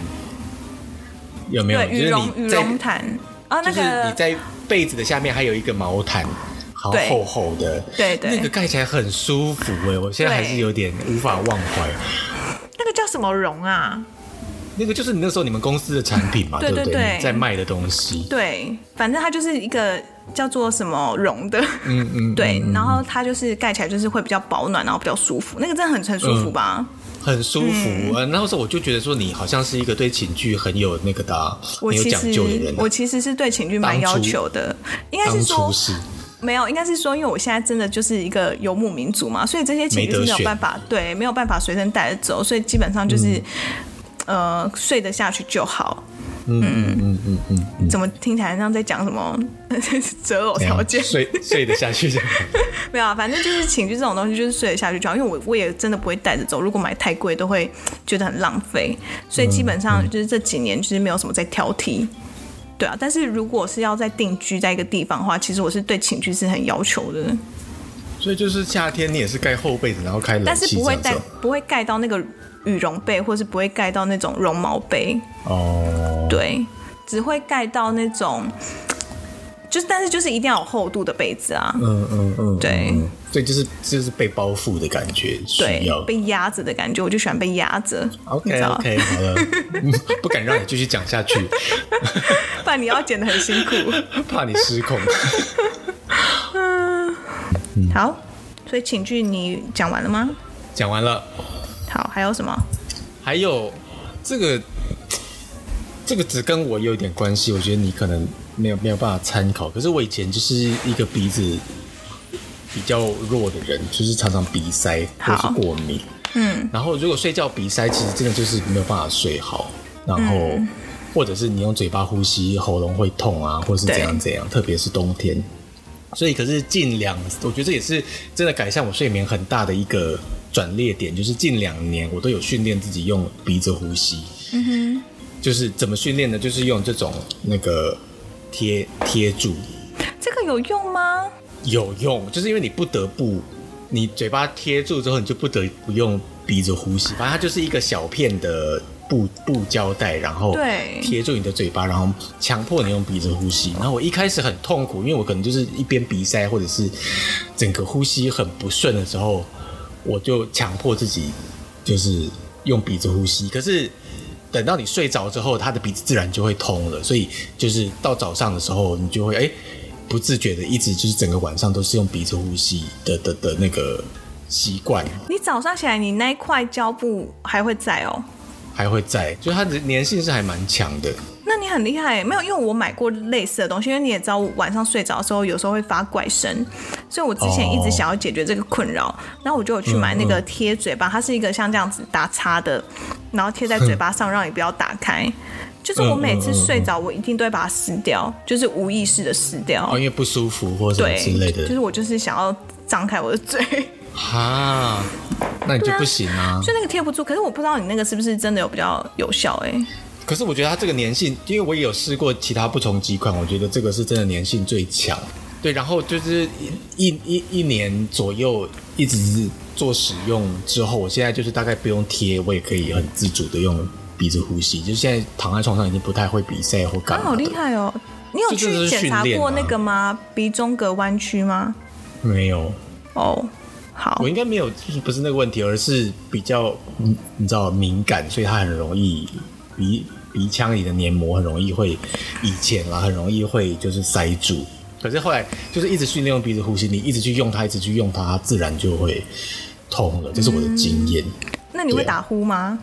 [SPEAKER 1] 有沒有？就是你羽絨
[SPEAKER 2] 毯啊，那個就是你
[SPEAKER 1] 在被子的下面還有一個毛毯，好厚厚的，對，對對對，那個蓋起來很舒服、欸、我現在還是有點無法忘懷。
[SPEAKER 2] 那個叫什麼絨啊？
[SPEAKER 1] 那個就是你那時候你們公司的產品嘛，對對對，在賣的東西。
[SPEAKER 2] 對，反正它就是一個叫做什麼絨的，
[SPEAKER 1] 嗯嗯，對。然後
[SPEAKER 2] 它就是蓋起來就是會比較保暖，然後比較舒服。那個真的很很舒服吧？
[SPEAKER 1] 很舒服。呃，那時候我就覺得說，你好像是一個對寢具很有那個的，很有講究的人。我其實我
[SPEAKER 2] 其實是對寢具蠻要求
[SPEAKER 1] 的，應該是說
[SPEAKER 2] 沒有，應該是說，因為我現在真的就是一個游牧民族嘛，所以這些寢具是沒有辦法，對，沒有辦法隨身帶着走，所以基本上就是。呃，睡得下去就好。嗯嗯嗯嗯，嗯怎麼聽起來像在講什麼擇偶條件？樣
[SPEAKER 1] 睡睡得下去。
[SPEAKER 2] 沒有啊，反正就是寢具這種東西，就是睡得下去就好。因為我我也真的不會帶着走，如果買太貴，都會覺得很浪費。所以基本上就是這幾年其實沒有什麼在挑剔，嗯嗯、對啊。但是如果是要在定居在一個地方的話，其實我是對寢具是很要求的。
[SPEAKER 1] 所以就是夏天你也是蓋厚被子，然後開冷氣。但是不會帶，
[SPEAKER 2] 不會蓋到那個。羽絨被，或是不會蓋到那種絨毛被
[SPEAKER 1] 哦，對，
[SPEAKER 2] 只會蓋到那種，就是但是就是一定要有厚度的被子啊，嗯嗯嗯，
[SPEAKER 1] 對，對，就是就是被包覆的感覺，對，被
[SPEAKER 2] 壓着的感覺，我就喜歡被壓着，OK OK，
[SPEAKER 1] 好了，不敢讓你繼續講下去，
[SPEAKER 2] 不然你要剪得很辛苦，
[SPEAKER 1] 怕你失控，
[SPEAKER 2] 嗯，好，所以請劇你講完了嗎？
[SPEAKER 1] 講完了。還有什麼？還有這個，這個只跟我有一點關係。我覺得你可能沒有沒有辦法參考。可是我以前就是一個鼻子比較弱的人，就是常常鼻塞或是過敏。嗯，然後如果睡覺鼻塞，其實真的就是沒有辦法睡好。然後、嗯、或者是你用嘴巴呼吸，喉嚨會痛啊，或是怎樣怎樣。對特別是冬天，所以可是近兩，我覺得這也是真的改善我睡眠很大的一個。轉捩點就是近兩年，我都有訓練自己用鼻子呼吸。嗯哼，就是怎麼訓練呢？就是用這種那個貼貼住，
[SPEAKER 2] 這個有用嗎？
[SPEAKER 1] 有用，就是因為你不得不，你嘴巴貼住之後，你就不得不用鼻子呼吸。反正它就是一個小片的布布膠帶，然後對，貼住你的嘴巴，然後強迫你用鼻子呼吸。然後我一開始很痛苦，因為我可能就是一邊鼻塞，或者是整個呼吸很不順的時候。我就強迫自己，就是用鼻子呼吸。可是等到你睡着之後，他的鼻子自然就會通了。所以就是到早上的時候，你就會哎、欸，不自覺的一直就是整個晚上都是用鼻子呼吸的的的那個習慣。
[SPEAKER 2] 你早上起來，你那塊膠布還會在哦？
[SPEAKER 1] 還會在，就是它的粘性是還蠻強的。
[SPEAKER 2] 你很厲害欸，沒有，因為我買過類似的東西，因為你也知道晚上睡着的時候有時候會發怪聲，所以我之前一直想要解決這個困擾，然後我就有去買那個貼嘴巴，嗯嗯，它是一個像這樣子打叉的，然後貼在嘴巴上，讓你不要打開。嗯嗯嗯，就是我每次睡着，我一定都會把它撕掉，就是無意識的撕掉，因
[SPEAKER 1] 為不舒服或者什麼之類的對。就是
[SPEAKER 2] 我就是想要張開我的嘴，
[SPEAKER 1] 啊，那你就不行啊。啊所
[SPEAKER 2] 以那個貼不住，可是我不知道你那個是不是真的有比較
[SPEAKER 1] 有效欸，哎。可是我覺得它這個粘性因為我也有試過其他不同幾款，我覺得這個是真的粘性最強。對，然後就是一一一年左右，一直是做使用之後，我現在就是大概不用貼，我也可以很自主的用鼻子呼吸。就是現在躺在床上已經不太會鼻塞或乾。啊，好厲
[SPEAKER 2] 害哦！你有去檢查過那個，那個嗎？鼻中隔彎曲嗎？
[SPEAKER 1] 沒有。哦，oh, 好。我應該沒有，就是不是那個問題，而是比較，你知道敏感，所以它很容易鼻。鼻腔裡的黏膜很容易會以前啦，很容易會就是塞住。可是後來就是一直訓練用鼻子呼吸，你一直去用它，一直去用它，它自然就會通了。這是我的經驗。嗯、
[SPEAKER 2] 對那你會打呼嗎？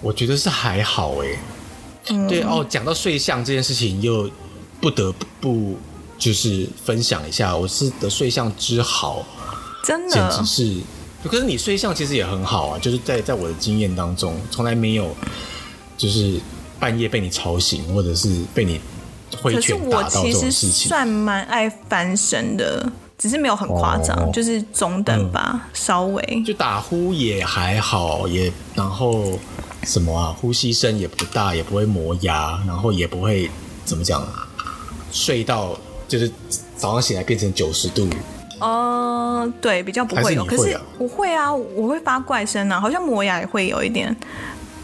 [SPEAKER 1] 我覺得是還好哎、欸。
[SPEAKER 2] 嗯、對哦，
[SPEAKER 1] 講到睡相這件事情，又不得不就是分享一下，我是的睡相之好，
[SPEAKER 2] 真的簡直
[SPEAKER 1] 是。可是你睡相其實也很好啊，就是在在我的經驗當中，從來沒有就是。半夜被你吵醒，或者是被你，可是我其實算
[SPEAKER 2] 蠻愛翻身的，只是沒有很誇張，哦、就是中等吧，
[SPEAKER 1] 嗯、稍微。就打呼也還好，也然後什麼啊，呼吸聲也不大，也不會磨牙，然後也不會怎麼講、啊，睡到就是早上起來變成九十度。
[SPEAKER 2] 哦、呃，對，比較不會有，還是你會啊、可是我會啊，我會發怪聲啊，好像磨牙也會有一點。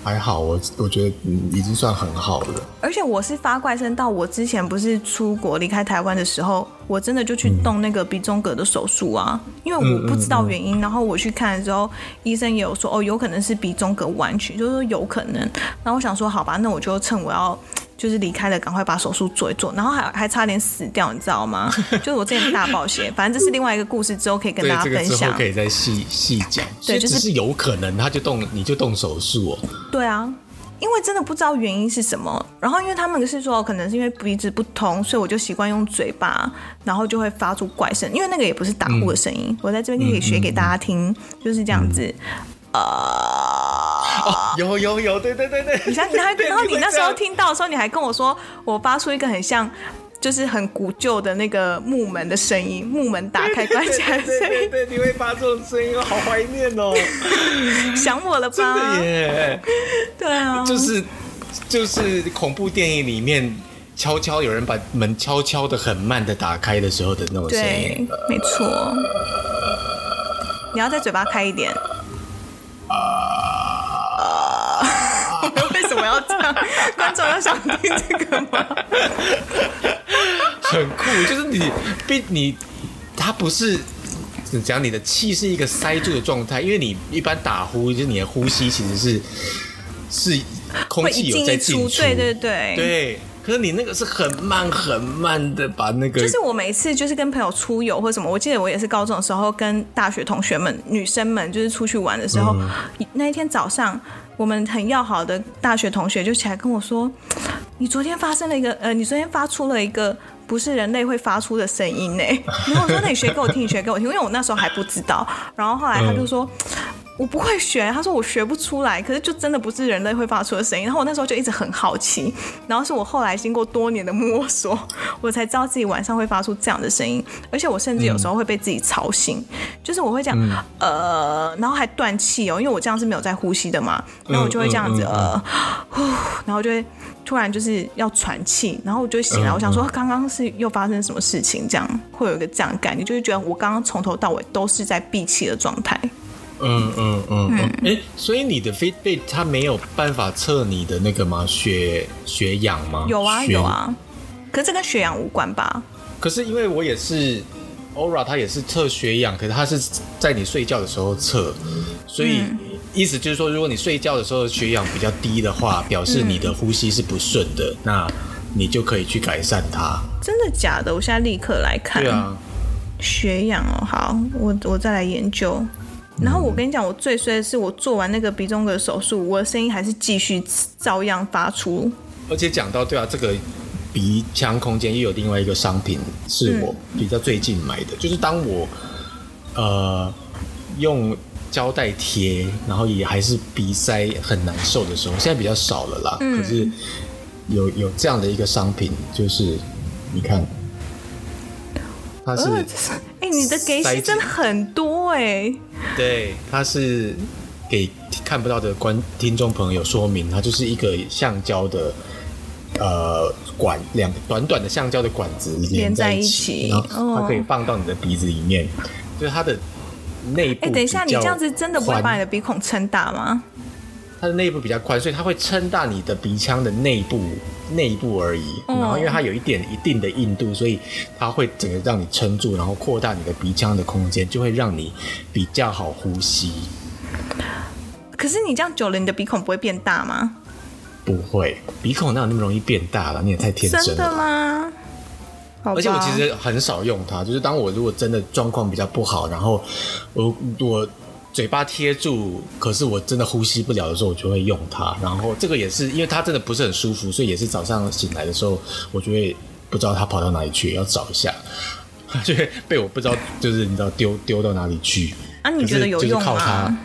[SPEAKER 1] 還好，我我覺得、嗯、已經算很好了。
[SPEAKER 2] 而且我是發怪聲到我之前不是出國離開台灣的時候。我真的就去動那個鼻中隔的手術啊，嗯、因為我不知道原因，嗯嗯、然後我去看的時候，嗯嗯、醫生也有說哦，有可能是鼻中隔彎曲，就是說有可能。然後我想說，好吧，那我就趁我要就是離開了，趕快把手術做一做。然後還還差點死掉，你知道嗎？ 就是我這件大冒險。反正這是另外一個故事，之後可以跟大家分享，這個、可
[SPEAKER 1] 以再細細講。對，就是有可能他就動，你就動手術哦對、就
[SPEAKER 2] 是。對啊。因為真的不知道原因是什麼，然後因為他們是說可能是因為鼻子不通，所以我就習慣用嘴巴，然後就會發出怪聲。因為那個也不是打呼的聲音，嗯、我在這邊就可以學給大家聽，嗯、就是這樣子。
[SPEAKER 1] 啊、嗯呃哦，有有有，對對對對，對對你想你對對然後你那時候聽到的時候，
[SPEAKER 2] 你，你還跟我說我發出一個很像。就是很古舊的那個木門的聲音，木門打開、關起來，對對對，對
[SPEAKER 1] 對對，你會發這種聲音，我好懷念哦，
[SPEAKER 2] 想我了吧？真的耶
[SPEAKER 1] 對啊，就是就是恐怖電影裡面悄悄有人把門悄悄的、很慢的打開的時候的那種聲
[SPEAKER 2] 音，沒錯。Uh, 你要在嘴巴開一點。啊啊！為什麼要這樣？ 觀眾要想聽這個嗎？
[SPEAKER 1] 很酷，就是你，比你，他不是講你，你的氣是一個塞住的狀態，因為你一般打呼，就是你的呼吸其實是是空氣有在進出、出，對對對對。可是你那個是很慢很慢的把那個。就是
[SPEAKER 2] 我每次就是跟朋友出遊或什麼，我記得我也是高中的時候跟大學同學們女生們就是出去玩的時候，嗯、那一天早上我們很要好的大學同學就起來跟我說，你昨天發生了一個呃，你昨天發出了一個。不是人類會發出的聲音呢。然後我說：“那你學給我聽，你 學給我聽。”因為我那時候還不知道。然後後來他就說。嗯我不會學，他說我學不出來，可是就真的不是人類會發出的聲音。然後我那時候就一直很好奇，然後是我後來經過多年的摸索，我才知道自己晚上會發出這樣的聲音，而且我甚至有時候會被自己吵醒，嗯、就是我會這樣，嗯、呃，然後還斷氣哦，因為我這樣是沒有在呼吸的嘛，然後我就會這樣子呃，呃、嗯嗯嗯啊，呼，然後就會突然就是要喘氣，然後我就醒來。嗯嗯、我想說剛剛是又發生什麼事情，這樣會有一個這樣的感覺，你就是覺得我剛剛從頭到尾都是在閉氣
[SPEAKER 1] 的狀態。嗯嗯嗯，嗯。哎、嗯嗯欸，所以你的 Fitbit 它沒有辦法測你的那個嗎？血血氧嗎？有啊血有啊，
[SPEAKER 2] 可是這跟血氧無關
[SPEAKER 1] 吧？可是因為我也是 Aura，它也是測血氧，可是它是在你睡覺的時候測，所以、嗯、意思就是說，如果你睡覺的時候血氧比較低的話，表示你的呼吸是不順的，嗯、那你就可以去改善它。真的
[SPEAKER 2] 假的？我現在立刻來看。對啊，血氧哦，好，我我再來研究。然後我跟你講，我最衰的是我做完那個鼻中隔手術，我的聲音還是繼續照樣發出。
[SPEAKER 1] 而且講到對啊，這個鼻腔空間又有另外一個商品，是我比較最近買的，嗯、就是當我呃用膠帶貼，然後也還是鼻塞很難受的時候，現在比較少了啦。嗯、可是有有這樣的一個商品，就是你看，它是
[SPEAKER 2] 哎、欸，你的給是真的很多。對，
[SPEAKER 1] 對，它是給看不到的觀聽眾朋友說明，它就是一個橡膠的呃管，兩個短短的橡膠的管子連在一起，一起然後它可以放到你的鼻子裡面，哦、就是它的內部。哎，等一下，你這樣子真的不會把你
[SPEAKER 2] 的鼻孔撐大嗎？
[SPEAKER 1] 它的內部比較寬，所以它會撐大你的鼻腔的內部內部而已。嗯，然後因為它有一點一定的硬度，所以它會整個讓你撐住，然後擴大你的鼻腔的空間，就會讓你比較好呼吸。
[SPEAKER 2] 可是你這樣久了，你的鼻孔不會變大嗎？
[SPEAKER 1] 不會，鼻孔哪有那麼容易變大了？你也太天真了。真的
[SPEAKER 2] 嗎？好不好。而且我其實
[SPEAKER 1] 很少用它，就是當我如果真的狀況比較不好，然後我我。嘴巴貼住，可是我真的呼吸不了的時候，我就會用它。然後這個也是因為它真的不是很舒服，所以也是早上醒來的時候，我就會不知道它跑到哪裡去，要找一下，就會被我不知道，就是你知道丟 丟到哪裡去。啊你覺得有用嗎、啊？就是靠它，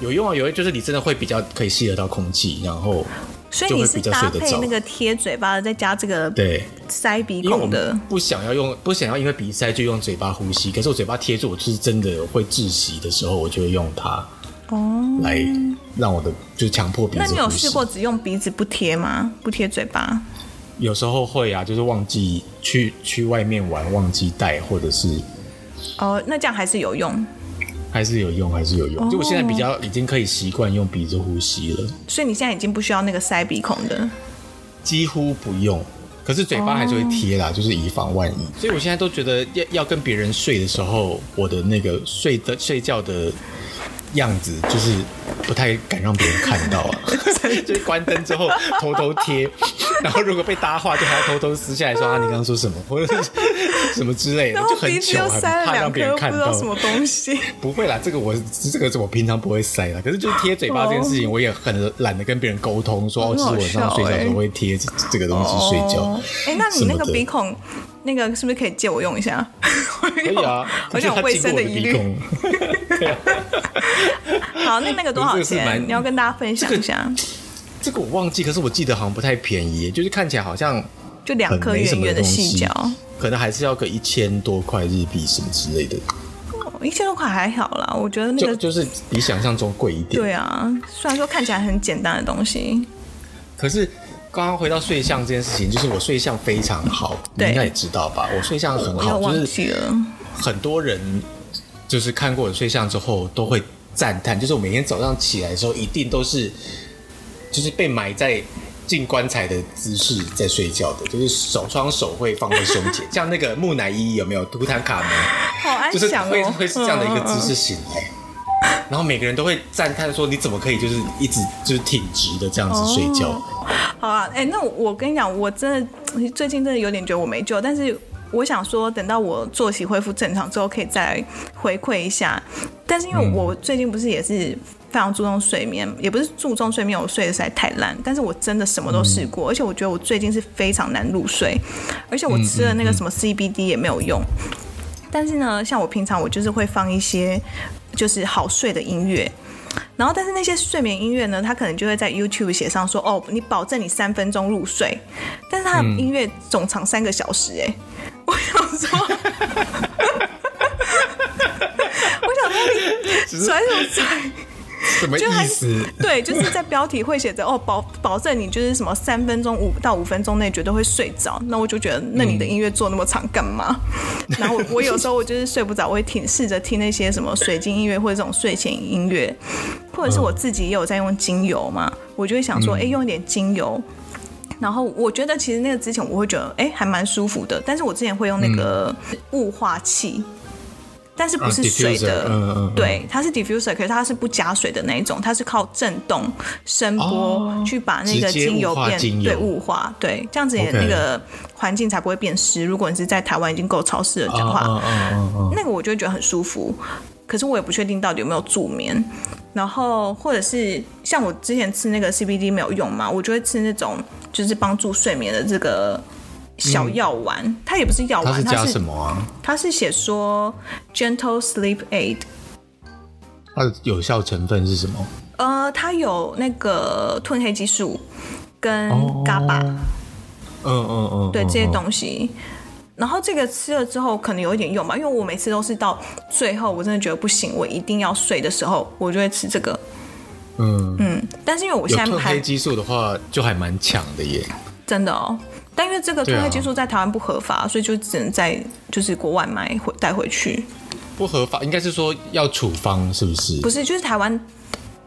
[SPEAKER 1] 有用啊，有用，就是你真的會比較可以吸得到空氣，然後。所以你是搭配那個
[SPEAKER 2] 貼嘴巴的，再加這個
[SPEAKER 1] 對
[SPEAKER 2] 塞鼻孔的，
[SPEAKER 1] 不想要用，不想要因為鼻塞就用嘴巴呼吸。可是我嘴巴貼住，我就是真的會窒息的時候，我就會用它
[SPEAKER 2] 哦，來
[SPEAKER 1] 讓我的就強迫鼻子。哦，那你有試過只
[SPEAKER 2] 用鼻子不貼嗎？不貼嘴巴？
[SPEAKER 1] 有時候會啊，就是忘記去去外面玩，忘記帶，或者是
[SPEAKER 2] 哦，那這樣還是有用。
[SPEAKER 1] 還是有用，還是有用。就我現在比較已經可以習慣用鼻子呼吸了。
[SPEAKER 2] 所以你現在已經不需要那個塞鼻孔的？
[SPEAKER 1] 幾乎不用。可是嘴巴還是會貼啦，哦，就是以防萬一。所以我現在都覺得要要跟別人睡的時候，我的那個睡的睡覺的，樣子就是不太敢讓別人看到啊， 的，就是關燈之後偷偷貼，然後如果被搭話，就還要偷偷撕下來說啊，你剛剛說什麼，或者什麼之類的，就很糗，很怕讓別人看到什麼東西。不會啦，這個我這個我平常不會塞啦，可是就是貼嘴巴這件事情，我也很懶得跟別人溝通，說哦，是晚上睡覺我會貼這個東西睡覺。
[SPEAKER 2] 哎，那你那個鼻孔？那個是不是可以借我用一下？
[SPEAKER 1] 我有可以啊，而且有衛生的疑慮。
[SPEAKER 2] 啊、 好，那那個多少錢？你要跟大家分享一下，這
[SPEAKER 1] 個。這個我忘記，可是我記得好像不太便宜，就是看起來好像
[SPEAKER 2] 就兩顆圓圓的細角，
[SPEAKER 1] 可能還是要個一千多塊日幣什麼之類的。
[SPEAKER 2] 哦、一千多塊還好啦，我覺得那個就，就是
[SPEAKER 1] 比想象中貴一點。
[SPEAKER 2] 對啊，雖然說看起來很簡單的東西，
[SPEAKER 1] 可是。剛剛回到睡相這件事情，就是我睡相非常好，對你應該也知道吧？我睡相很好，就是很多人就是看過我睡相之後都會讚嘆，就是我每天早上起來的時候，一定都是就是被埋在進棺材的姿勢在睡覺的，就是手雙手會放在胸前， 像那個木乃伊，伊有沒有？圖坦卡門
[SPEAKER 2] 好安詳，為什麼，會會是這樣的一個姿勢
[SPEAKER 1] 醒來。嗯欸然後每個人都會讚嘆說：“你怎麼可以就是一直就是挺直的這樣子睡
[SPEAKER 2] 覺？”哦、好啊，哎、欸，那我，我跟你講，我真的最近真的有點覺得我沒救，但是我想說，等到我作息恢復正常之後，可以再回饋一下。但是因為我最近不是也是非常注重睡眠，嗯、也不是注重睡眠，我睡的實在太爛。但是我真的什麼都試過，嗯、而且我覺得我最近是非常難入睡，而且我吃了那個什麼 CBD 也沒有用。嗯嗯嗯、但是呢，像我平常我就是會放一些。就是好睡的音樂，然後但是那些睡眠音樂呢，他可能就會在 YouTube 寫上說：“哦，你保證你三分鐘入睡，但是他的音樂總長三個小時。”欸。嗯，哎，我想說， 我想說，
[SPEAKER 1] 你是甩手甩？就還是
[SPEAKER 2] 對，就是在標題會寫着哦，保保證你就是什麼三分鐘五到五分鐘內絕對會睡着，那我就覺得那你的音樂做那麼長幹嘛？嗯、然後我有時候我就是睡不着，我會聽試着聽那些什麼水晶音樂或者這種睡前音樂，或者是我自己也有在用精油嘛，嗯、我就會想說哎、欸、用一點精油，然後我覺得其實那個之前我會覺得哎、欸、還蠻舒服的，但是我之前會用那個霧化器。嗯但是不是水的，uh, Diffuser, uh, uh, uh, 對，它是 diffuser，可是它是不加水的那一種，它是靠震動聲波、uh, 去把那個精油變精油對霧化，對，這樣子也那個環境才不會變濕。okay. 如果你是在台灣已經夠潮濕了的話，那個我就會覺得很舒服。可是我也不確定到底有沒有助眠。然後或者是像我之前吃那個 CBD 沒有用嘛，我就會吃那種就是幫助睡眠的這個。小藥丸，嗯、它也不是藥丸，它是加什麼啊？它是寫說 Gentle Sleep Aid，
[SPEAKER 1] 它的有效成分是什麼？
[SPEAKER 2] 呃，它有那個褪黑激素跟伽巴、哦。嗯嗯
[SPEAKER 1] 嗯，哦哦、對這些東
[SPEAKER 2] 西。哦哦、然後這個吃了之後，可能有一點用吧，因為我每次都是到最後我真的覺得不行，我一定要睡的時候，我就會吃這個。嗯嗯，但是因為我現在褪黑
[SPEAKER 1] 激素的話，就還蠻強的耶，
[SPEAKER 2] 真的哦。但因為這個褪黑激素在台灣不合法，啊、所以就只能在就是國外買回帶回去。
[SPEAKER 1] 不合法，應該是說要處方是不是？不是，
[SPEAKER 2] 就是台灣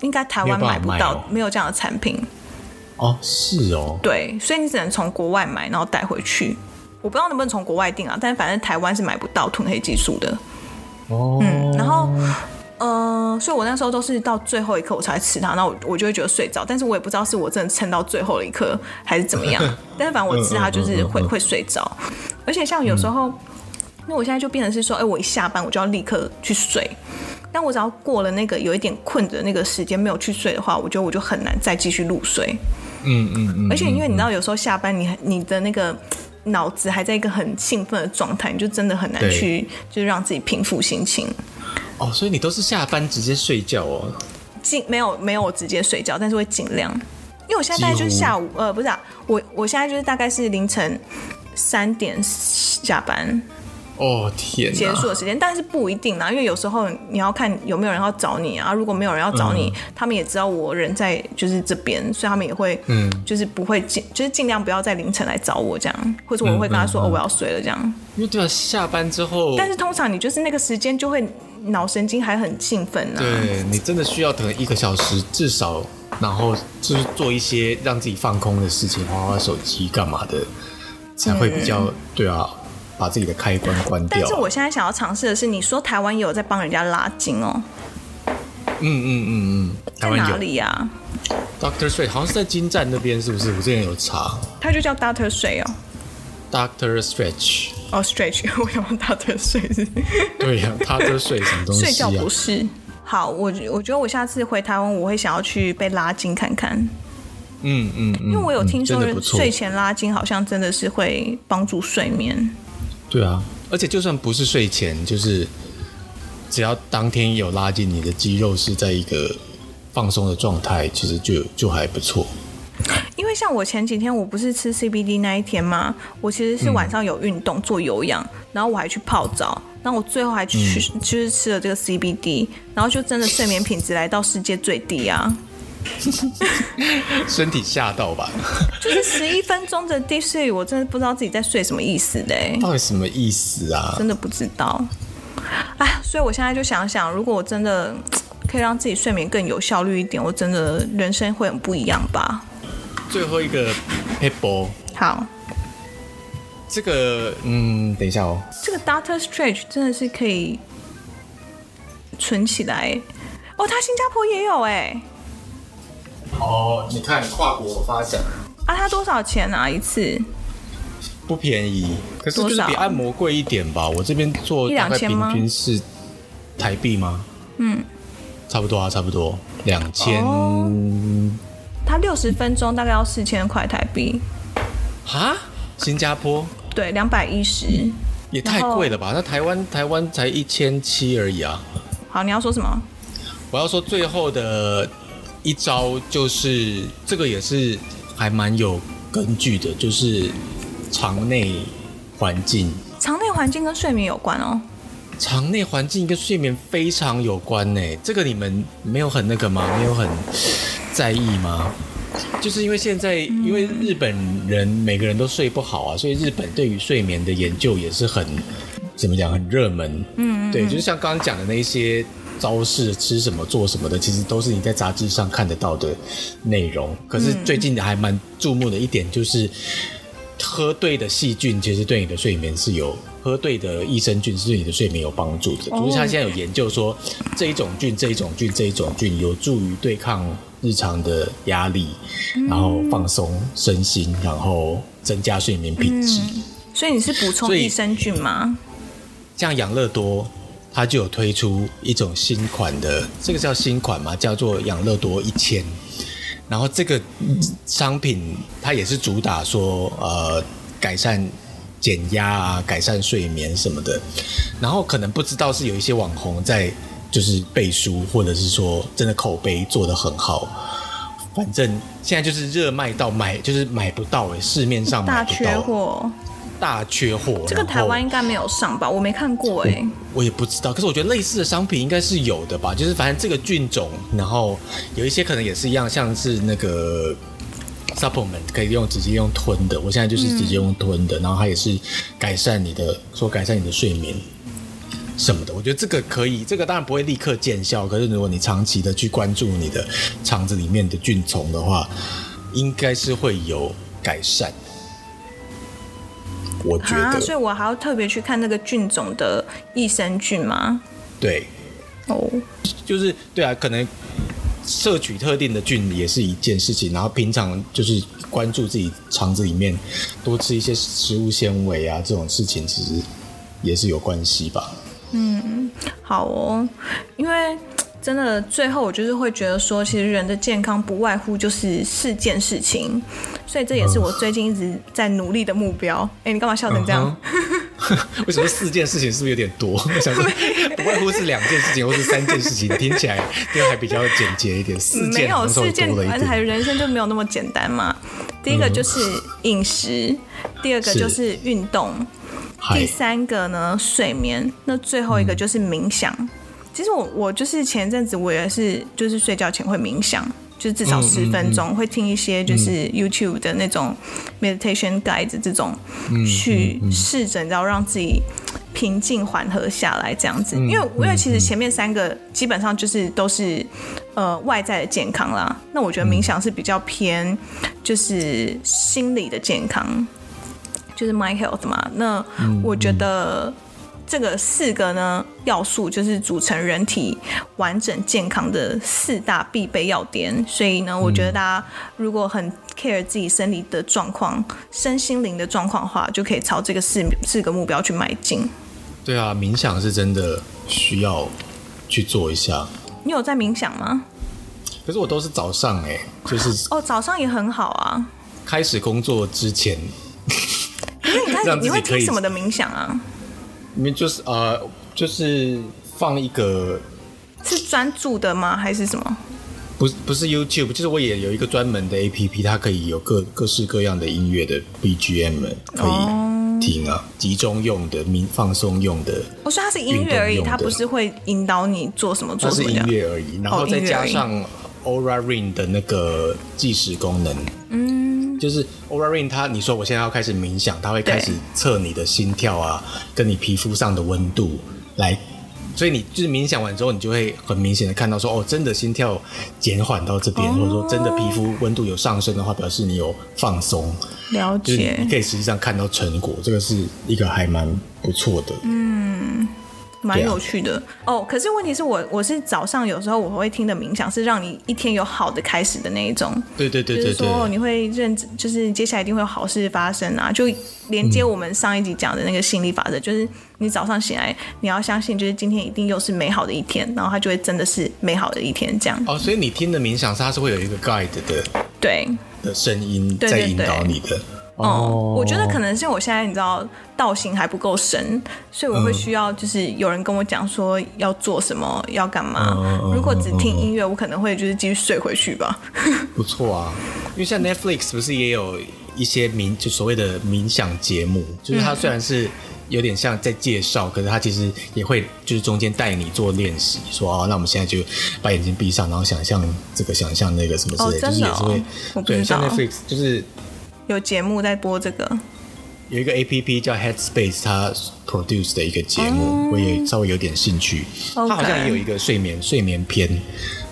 [SPEAKER 2] 應該台灣買不到，沒有，喔、沒有這樣的產品。
[SPEAKER 1] 哦，是哦、喔。
[SPEAKER 2] 對，所以你只能從國外買，然後帶回去。我不知道能不能從國外訂啊，但是反正台灣是買不到褪黑激素的。
[SPEAKER 1] 哦。嗯，然後。
[SPEAKER 2] 嗯、呃，所以我那時候都是到最後一刻我才吃它，那我我就會覺得睡着，但是我也不知道是我真的撐到最後一刻還是怎麼樣， 但是反正我吃它就是會 會睡着，而且像有時候，嗯、因為我現在就變成是說，哎、欸，我一下班我就要立刻去睡，但我只要過了那個有一點困的那個時間沒有去睡的話，我覺得我就很難再繼續入睡。嗯嗯
[SPEAKER 1] 嗯。嗯嗯，而且因為你知
[SPEAKER 2] 道，有時候下班你、嗯、你的那個。腦子還在一個很興奮的狀態，你就真的很難去，對就是讓自己平復心情。
[SPEAKER 1] 哦，所以你都是下班直接睡覺哦？
[SPEAKER 2] 盡沒有沒有，我直接睡覺，但是會儘量，因為我現在大概就是下午，乎呃，不是啊，我我現在就是大概是凌晨三點下班。
[SPEAKER 1] 哦、oh, 天，結束的時
[SPEAKER 2] 間，但是不一定啦，啊，因為有時候你要看有沒有人要找你啊。如果沒有人要找你，嗯、哼他們也知道我人在就是這邊，所以他們也會
[SPEAKER 1] 嗯，就
[SPEAKER 2] 是不會盡，嗯、就是盡量不要在凌晨來找我這樣，或者我會跟他說、嗯、哼哦，我要睡了這樣。因
[SPEAKER 1] 為對啊，下班之後，但
[SPEAKER 2] 是通常你就是那個時間就會腦神經還很興奮啊。對，
[SPEAKER 1] 你真的需要等一個小時至少，然後就是做一些讓自己放空的事情，玩玩手機幹嘛的，
[SPEAKER 2] 才會比較、嗯、
[SPEAKER 1] 對啊。把自己的開關關掉、啊。但是我
[SPEAKER 2] 現在想要嘗試的是，你說台灣也有在幫人家拉筋哦、喔嗯。
[SPEAKER 1] 嗯嗯嗯嗯，在哪裡呀 Doctor Stretch 好像是在金站那邊，是不是？我之前有查。
[SPEAKER 2] 它就叫 Doctor Stretch 哦。
[SPEAKER 1] Doctor Stretch。
[SPEAKER 2] 哦、oh，Stretch， 我講 Doctor Stretch 對呀
[SPEAKER 1] ，Doctor Stretch 什麼東西、啊？睡覺不
[SPEAKER 2] 是。好，我我覺得我下次回台灣，我會想要去被拉筋看看。
[SPEAKER 1] 嗯嗯。嗯因為我有聽說、嗯，睡
[SPEAKER 2] 前拉筋好像真的是會幫助睡眠。
[SPEAKER 1] 對啊，而且就算不是睡前，就是只要當天有拉筋，你的肌肉是在一個放鬆的狀態，其實就就還不錯。
[SPEAKER 2] 因為像我前幾天，我不是吃 CBD 那一天嗎？我其實是晚上有運動、嗯、做有氧，然後我還去泡澡，然後我最後還去、嗯、就是吃了這個 CBD，然後就真的睡眠品質來到世界最低啊。
[SPEAKER 1] 身體嚇到吧？就
[SPEAKER 2] 是十一分鐘的 deep sleep，我真的不知道自己在睡什麼意思嘞、欸。到
[SPEAKER 1] 底什麼意思啊？真
[SPEAKER 2] 的不知道。哎，所以我現在就想想，如果我真的可以讓自己睡眠更有效率一點，我真的人生會很不一樣吧。
[SPEAKER 1] 最後一個 p Apple，好。這個嗯，等一下
[SPEAKER 2] 哦。這個 Dr. Stretch 真的是可以存起來哦，他新加坡也有哎、欸。
[SPEAKER 1] 哦，你看跨
[SPEAKER 2] 國發展啊！他多少錢啊？一次？
[SPEAKER 1] 不便宜，可是就是比按摩貴一點吧。多少？我這邊做一兩千嗎？平均是台幣嗎？嗎嗯，差不多啊，差不多兩千。
[SPEAKER 2] 他六十分鐘大概要四千塊台幣。
[SPEAKER 1] 哈、啊？新加坡
[SPEAKER 2] 對，兩百一十
[SPEAKER 1] 也太貴了吧？然後，那台灣台灣才一千七而已啊！
[SPEAKER 2] 好，你要說什麼？
[SPEAKER 1] 我要說最後的。一招就是這個，也是還蠻有根據的，就是腸內環境。
[SPEAKER 2] 腸內環境跟睡眠有關哦。
[SPEAKER 1] 腸內環境跟睡眠非常有關呢、欸，這個你們沒有很那個嗎？沒有很在意嗎？就是因為現在，嗯、因為日本人每個人都睡不好啊，所以日本對於睡眠的研究也是很怎麼講，很熱門。嗯，嗯，嗯，對，就是像剛剛講的那些。招式吃什麼做什麼的，其實都是你在雜誌上看得到的內容。可是最近還蠻注目的一點、嗯、就是，喝對的細菌其實對你的睡眠是有，喝對的益生菌是對你的睡眠有幫助的。所以、哦、他現在有研究說，這一種菌、這一種菌、這一種菌有助於對抗日常的壓力，嗯、然後放鬆身心，然後增加睡眠品質。嗯、
[SPEAKER 2] 所以你是補充益生菌嗎？
[SPEAKER 1] 像養樂多。它就有推出一種新款的，這個叫新款嘛，叫做養樂多一千，然後這個商品它也是主打說呃改善減壓啊、改善睡眠什麼的，然後可能不知道是有一些網紅在就是背書，或者是說真的口碑做得很好，反正現在就是熱賣到買就是買不到誒、欸，市面上買不到。大缺貨，這個台灣應
[SPEAKER 2] 該沒有上吧？我沒看過哎、
[SPEAKER 1] 欸，我也不知道。可是我覺得類似的商品應該是有的吧？就是反正這個菌種，然後有一些可能也是一樣，像是那個 supplement 可以用直接用吞的。我現在就是直接用吞的，嗯、然後它也是改善你的，說改善你的睡眠什麼的。我覺得這個可以，這個當然不會立刻見效，可是如果你長期的去關注你的腸子裡面的菌叢的話，應該是會有改善。啊，所以，
[SPEAKER 2] 我還要特別去看那個菌種的益生菌嗎？對，哦，
[SPEAKER 1] 就是對啊，可能攝取特定的菌也是一件事情，然後平常就是關注自己腸子裡面多吃一些食物纖維啊，這種事情其實也是有關係吧。嗯，
[SPEAKER 2] 好哦，因為真的最後我就是會覺得說，其實人的健康不外乎就是四件事情。所以這也是我最近一直在努力的目標。哎、嗯欸，你幹嘛笑成這樣？嗯、
[SPEAKER 1] 哼 為什麼四件事情是不是有點多？ 我想說，不外乎是兩件事情，或是三件事情， 聽起來就還比較簡潔一點。四件，沒有四件，
[SPEAKER 2] 人生就沒有那麼簡單嘛。嗯、哼第一個就是飲食，是第二個就是運動，
[SPEAKER 1] Hi 第
[SPEAKER 2] 三個呢，睡眠，那最後一個就是冥想。嗯、其實我我就是前陣子我也是，就是睡覺前會冥想。就至少十分鐘，會聽一些就是 YouTube 的那種 meditation guides 這種去試着然後讓自己平靜緩和下來這樣子。因為因為其實前面三個基本上就是都是呃外在的健康啦，那我覺得冥想是比較偏就是心理的健康，就是 my health 嘛。那我覺得。這個四個呢要素，就是組成人體完整健康的四大必備要點。所以呢，我覺得大家如果很 care 自己生理的狀況、身心靈的狀況的話，就可以朝這個四四個目標去
[SPEAKER 1] 邁進。對啊，冥想是真的需要去做一下。你
[SPEAKER 2] 有在冥想嗎？
[SPEAKER 1] 可是我都是早上哎、欸，就是
[SPEAKER 2] 哦，早上也很好啊。
[SPEAKER 1] 開始工作之前，
[SPEAKER 2] 那你開始你會聽什麼的冥想啊？
[SPEAKER 1] 你們就是呃，就是放一個，
[SPEAKER 2] 是專注的嗎？還是什麼？不
[SPEAKER 1] 是，不是 YouTube。就是我也有一個專門的 APP，它可以有各各式各樣的音樂的 BGM 可以聽啊，嗯、集中用的、明放鬆用的。
[SPEAKER 2] 我說、哦、它是音樂而已，它不是會引導你做什麼做？做什麼，它是音
[SPEAKER 1] 樂而已，然後再加上 Aura Ring 的那個計時功能。嗯就是 Oura Ring，它你說我現在要開始冥想，它會開始測你的心跳啊，跟你皮膚上的溫度來，所以你就是冥想完之後，你就會很明顯的看到說，哦，真的心跳減緩到這邊，哦、或者說真的皮膚溫度有上升的話，表示你有放鬆，了解。你可以實際上看到成果，這個是一個還蠻不錯的，嗯。蠻有趣的
[SPEAKER 2] 哦，啊 oh, 可是問題是我我是早上有時候我會聽的冥想是讓你一天有好的開始的那一種，
[SPEAKER 1] 對對對對，就是說你
[SPEAKER 2] 會認，就是接下來一定會有好事發生啊，就連接我們上一集講的那個心理法則，嗯、就是你早上醒來你要相信，就是今天一定又是美好的一天，然後它就會真的是美好的一天這樣。哦，所
[SPEAKER 1] 以你聽的冥想它是會有一個 guide 的，對的聲音在引導你的。嗯、哦，我覺得可能
[SPEAKER 2] 是我現在你知道道行還不夠深，所以我會需要就是有人跟我講說要做什麼、嗯、要幹嘛。嗯、
[SPEAKER 1] 如果只聽音
[SPEAKER 2] 樂，嗯、我可能會就是繼續睡回去吧。
[SPEAKER 1] 不錯啊，因為像 Netflix 不是也有一些冥就所謂的冥想節目，就是它雖然是有點像在介紹，嗯、可是它其實也會就是中間帶你做練習，說啊、哦，那我們現在就把眼睛閉上，然後想象這個想象那個什麼之類的，哦真的哦、就是也是會對像 Netflix 就是。
[SPEAKER 2] 有節目在播這個，
[SPEAKER 1] 有一個 A P P 叫 Headspace，它 produce 的一個節目，嗯、我也稍微有點興趣。
[SPEAKER 2] 它 Okay 好像也有一
[SPEAKER 1] 個睡眠睡眠篇，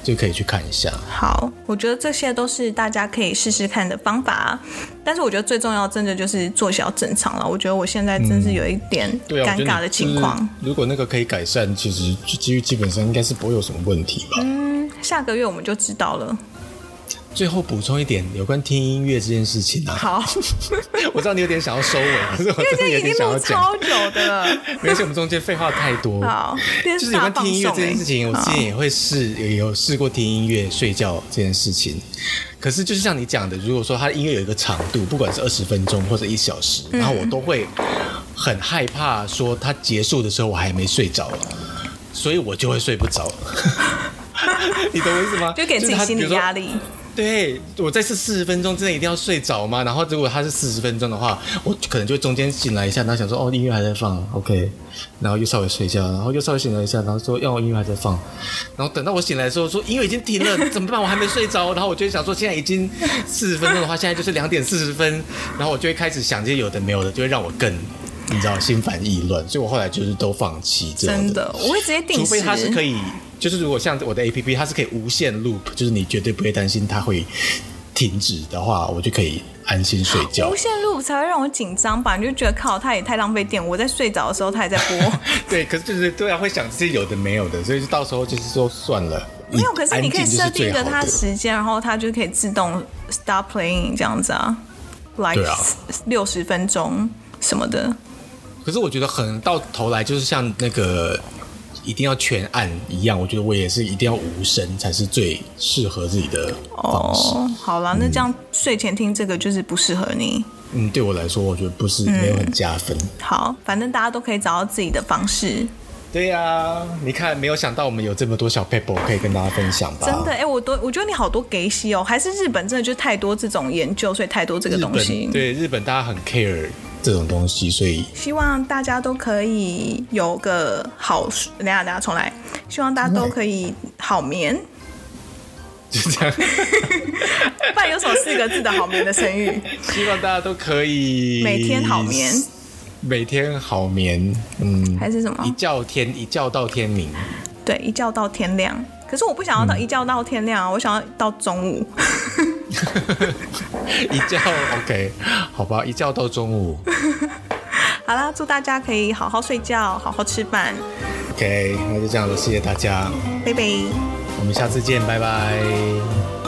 [SPEAKER 1] 就可以去看一下。好，
[SPEAKER 2] 我覺得這些都是大家可以試試看的方法，但是我覺得最重要，真的就是作息要正常了。我覺得我現在真是有一點
[SPEAKER 1] 尷尬的情況。嗯啊就是、如果那個可以改善，其實基於基本上應該是不會有什麼問題
[SPEAKER 2] 吧。嗯，下個月我們就知道了。
[SPEAKER 1] 最後補充一點有關聽音樂這件事情啊，好， 我知道你有點想要收尾，可是我真的有點想要講超久的，沒事，我們中間廢話太多，好
[SPEAKER 2] 是欸、就是有關聽音樂這件事情，
[SPEAKER 1] 好我之前也會試，有試過聽音樂睡覺這件事情，可是就是像你講的，如果說它音樂有一個長度，不管是二十分鐘或者一小時，然後我都會很害怕說它結束的時候我還沒睡着，所以我就會睡不着， 你懂我意思嗎？就給自己心理壓力。對，我在是四十分鐘之內一定要睡着嘛，然後如果他是四十分鐘的話，我可能就中間醒來一下，然後想說哦，音樂還在放，OK，然後又稍微睡覺，然後又稍微醒來一下，然後說要我、哦、音樂還在放，然後等到我醒來的時候說音樂已經停了，怎麼辦？我還沒睡着，然後我就會想說現在已經四十分鐘的話，現在就是兩點四十分，然後我就會開始想這些有的沒有的，就會讓我更你知道心煩意亂，所以我後來就是都放棄這樣的真的，我會直接定時，除非他是可以。就是如果像我的 A P P，它是可以無限 loop，就是你絕對不會擔心它會停止的話，我就可以安心睡覺。無限
[SPEAKER 2] loop 才會讓我緊張吧？你就覺得靠，它也太浪費電，我在睡着
[SPEAKER 1] 的時候它也在播。 對，可是就是對啊，會想這些有的沒有的，所以就到時候就是說算了。沒有因為，可是你可以設定一個它時
[SPEAKER 2] 間，然後它就可以自動 stop playing 這樣子啊，like 六十、啊、分鐘什麼的。
[SPEAKER 1] 可是我覺得很到頭來就是像那個。一定要全按一樣，我覺得我也是一定要無聲才是最適合自己的方式。Oh,
[SPEAKER 2] 好了，嗯、那這樣睡前聽這個就是不適合你。
[SPEAKER 1] 嗯，對我來說，我覺得不是沒有很加分。嗯、
[SPEAKER 2] 好，反正大家都可以找到自己的方式。
[SPEAKER 1] 對呀、啊，你看，沒有想到我們有這麼多小撇步可以跟大家分享吧？真的，
[SPEAKER 2] 哎、欸，我都我覺得你好多給息哦。還是日本真的就是太多這種研究，所以太多這個東西。對，
[SPEAKER 1] 日本大家很 care。這種東西，所以
[SPEAKER 2] 希望大家都可以有個好。等一下，等一下重來，希望大家都可以好眠。就這樣。不然 有什麼四個字的好眠的成語？
[SPEAKER 1] 希望大家都可以每天好眠。每天好眠，嗯，還是什麼？一覺天，一覺到天明。
[SPEAKER 2] 對，一覺到天亮。可是我不想要到一覺到天亮啊，嗯、我想要到中午。
[SPEAKER 1] 一覺 OK，好吧，一覺到中午。
[SPEAKER 2] 好啦，祝大家可以好好睡覺，好好吃飯。
[SPEAKER 1] OK，那就這樣了，謝謝大家，拜拜。我們下次見，拜拜。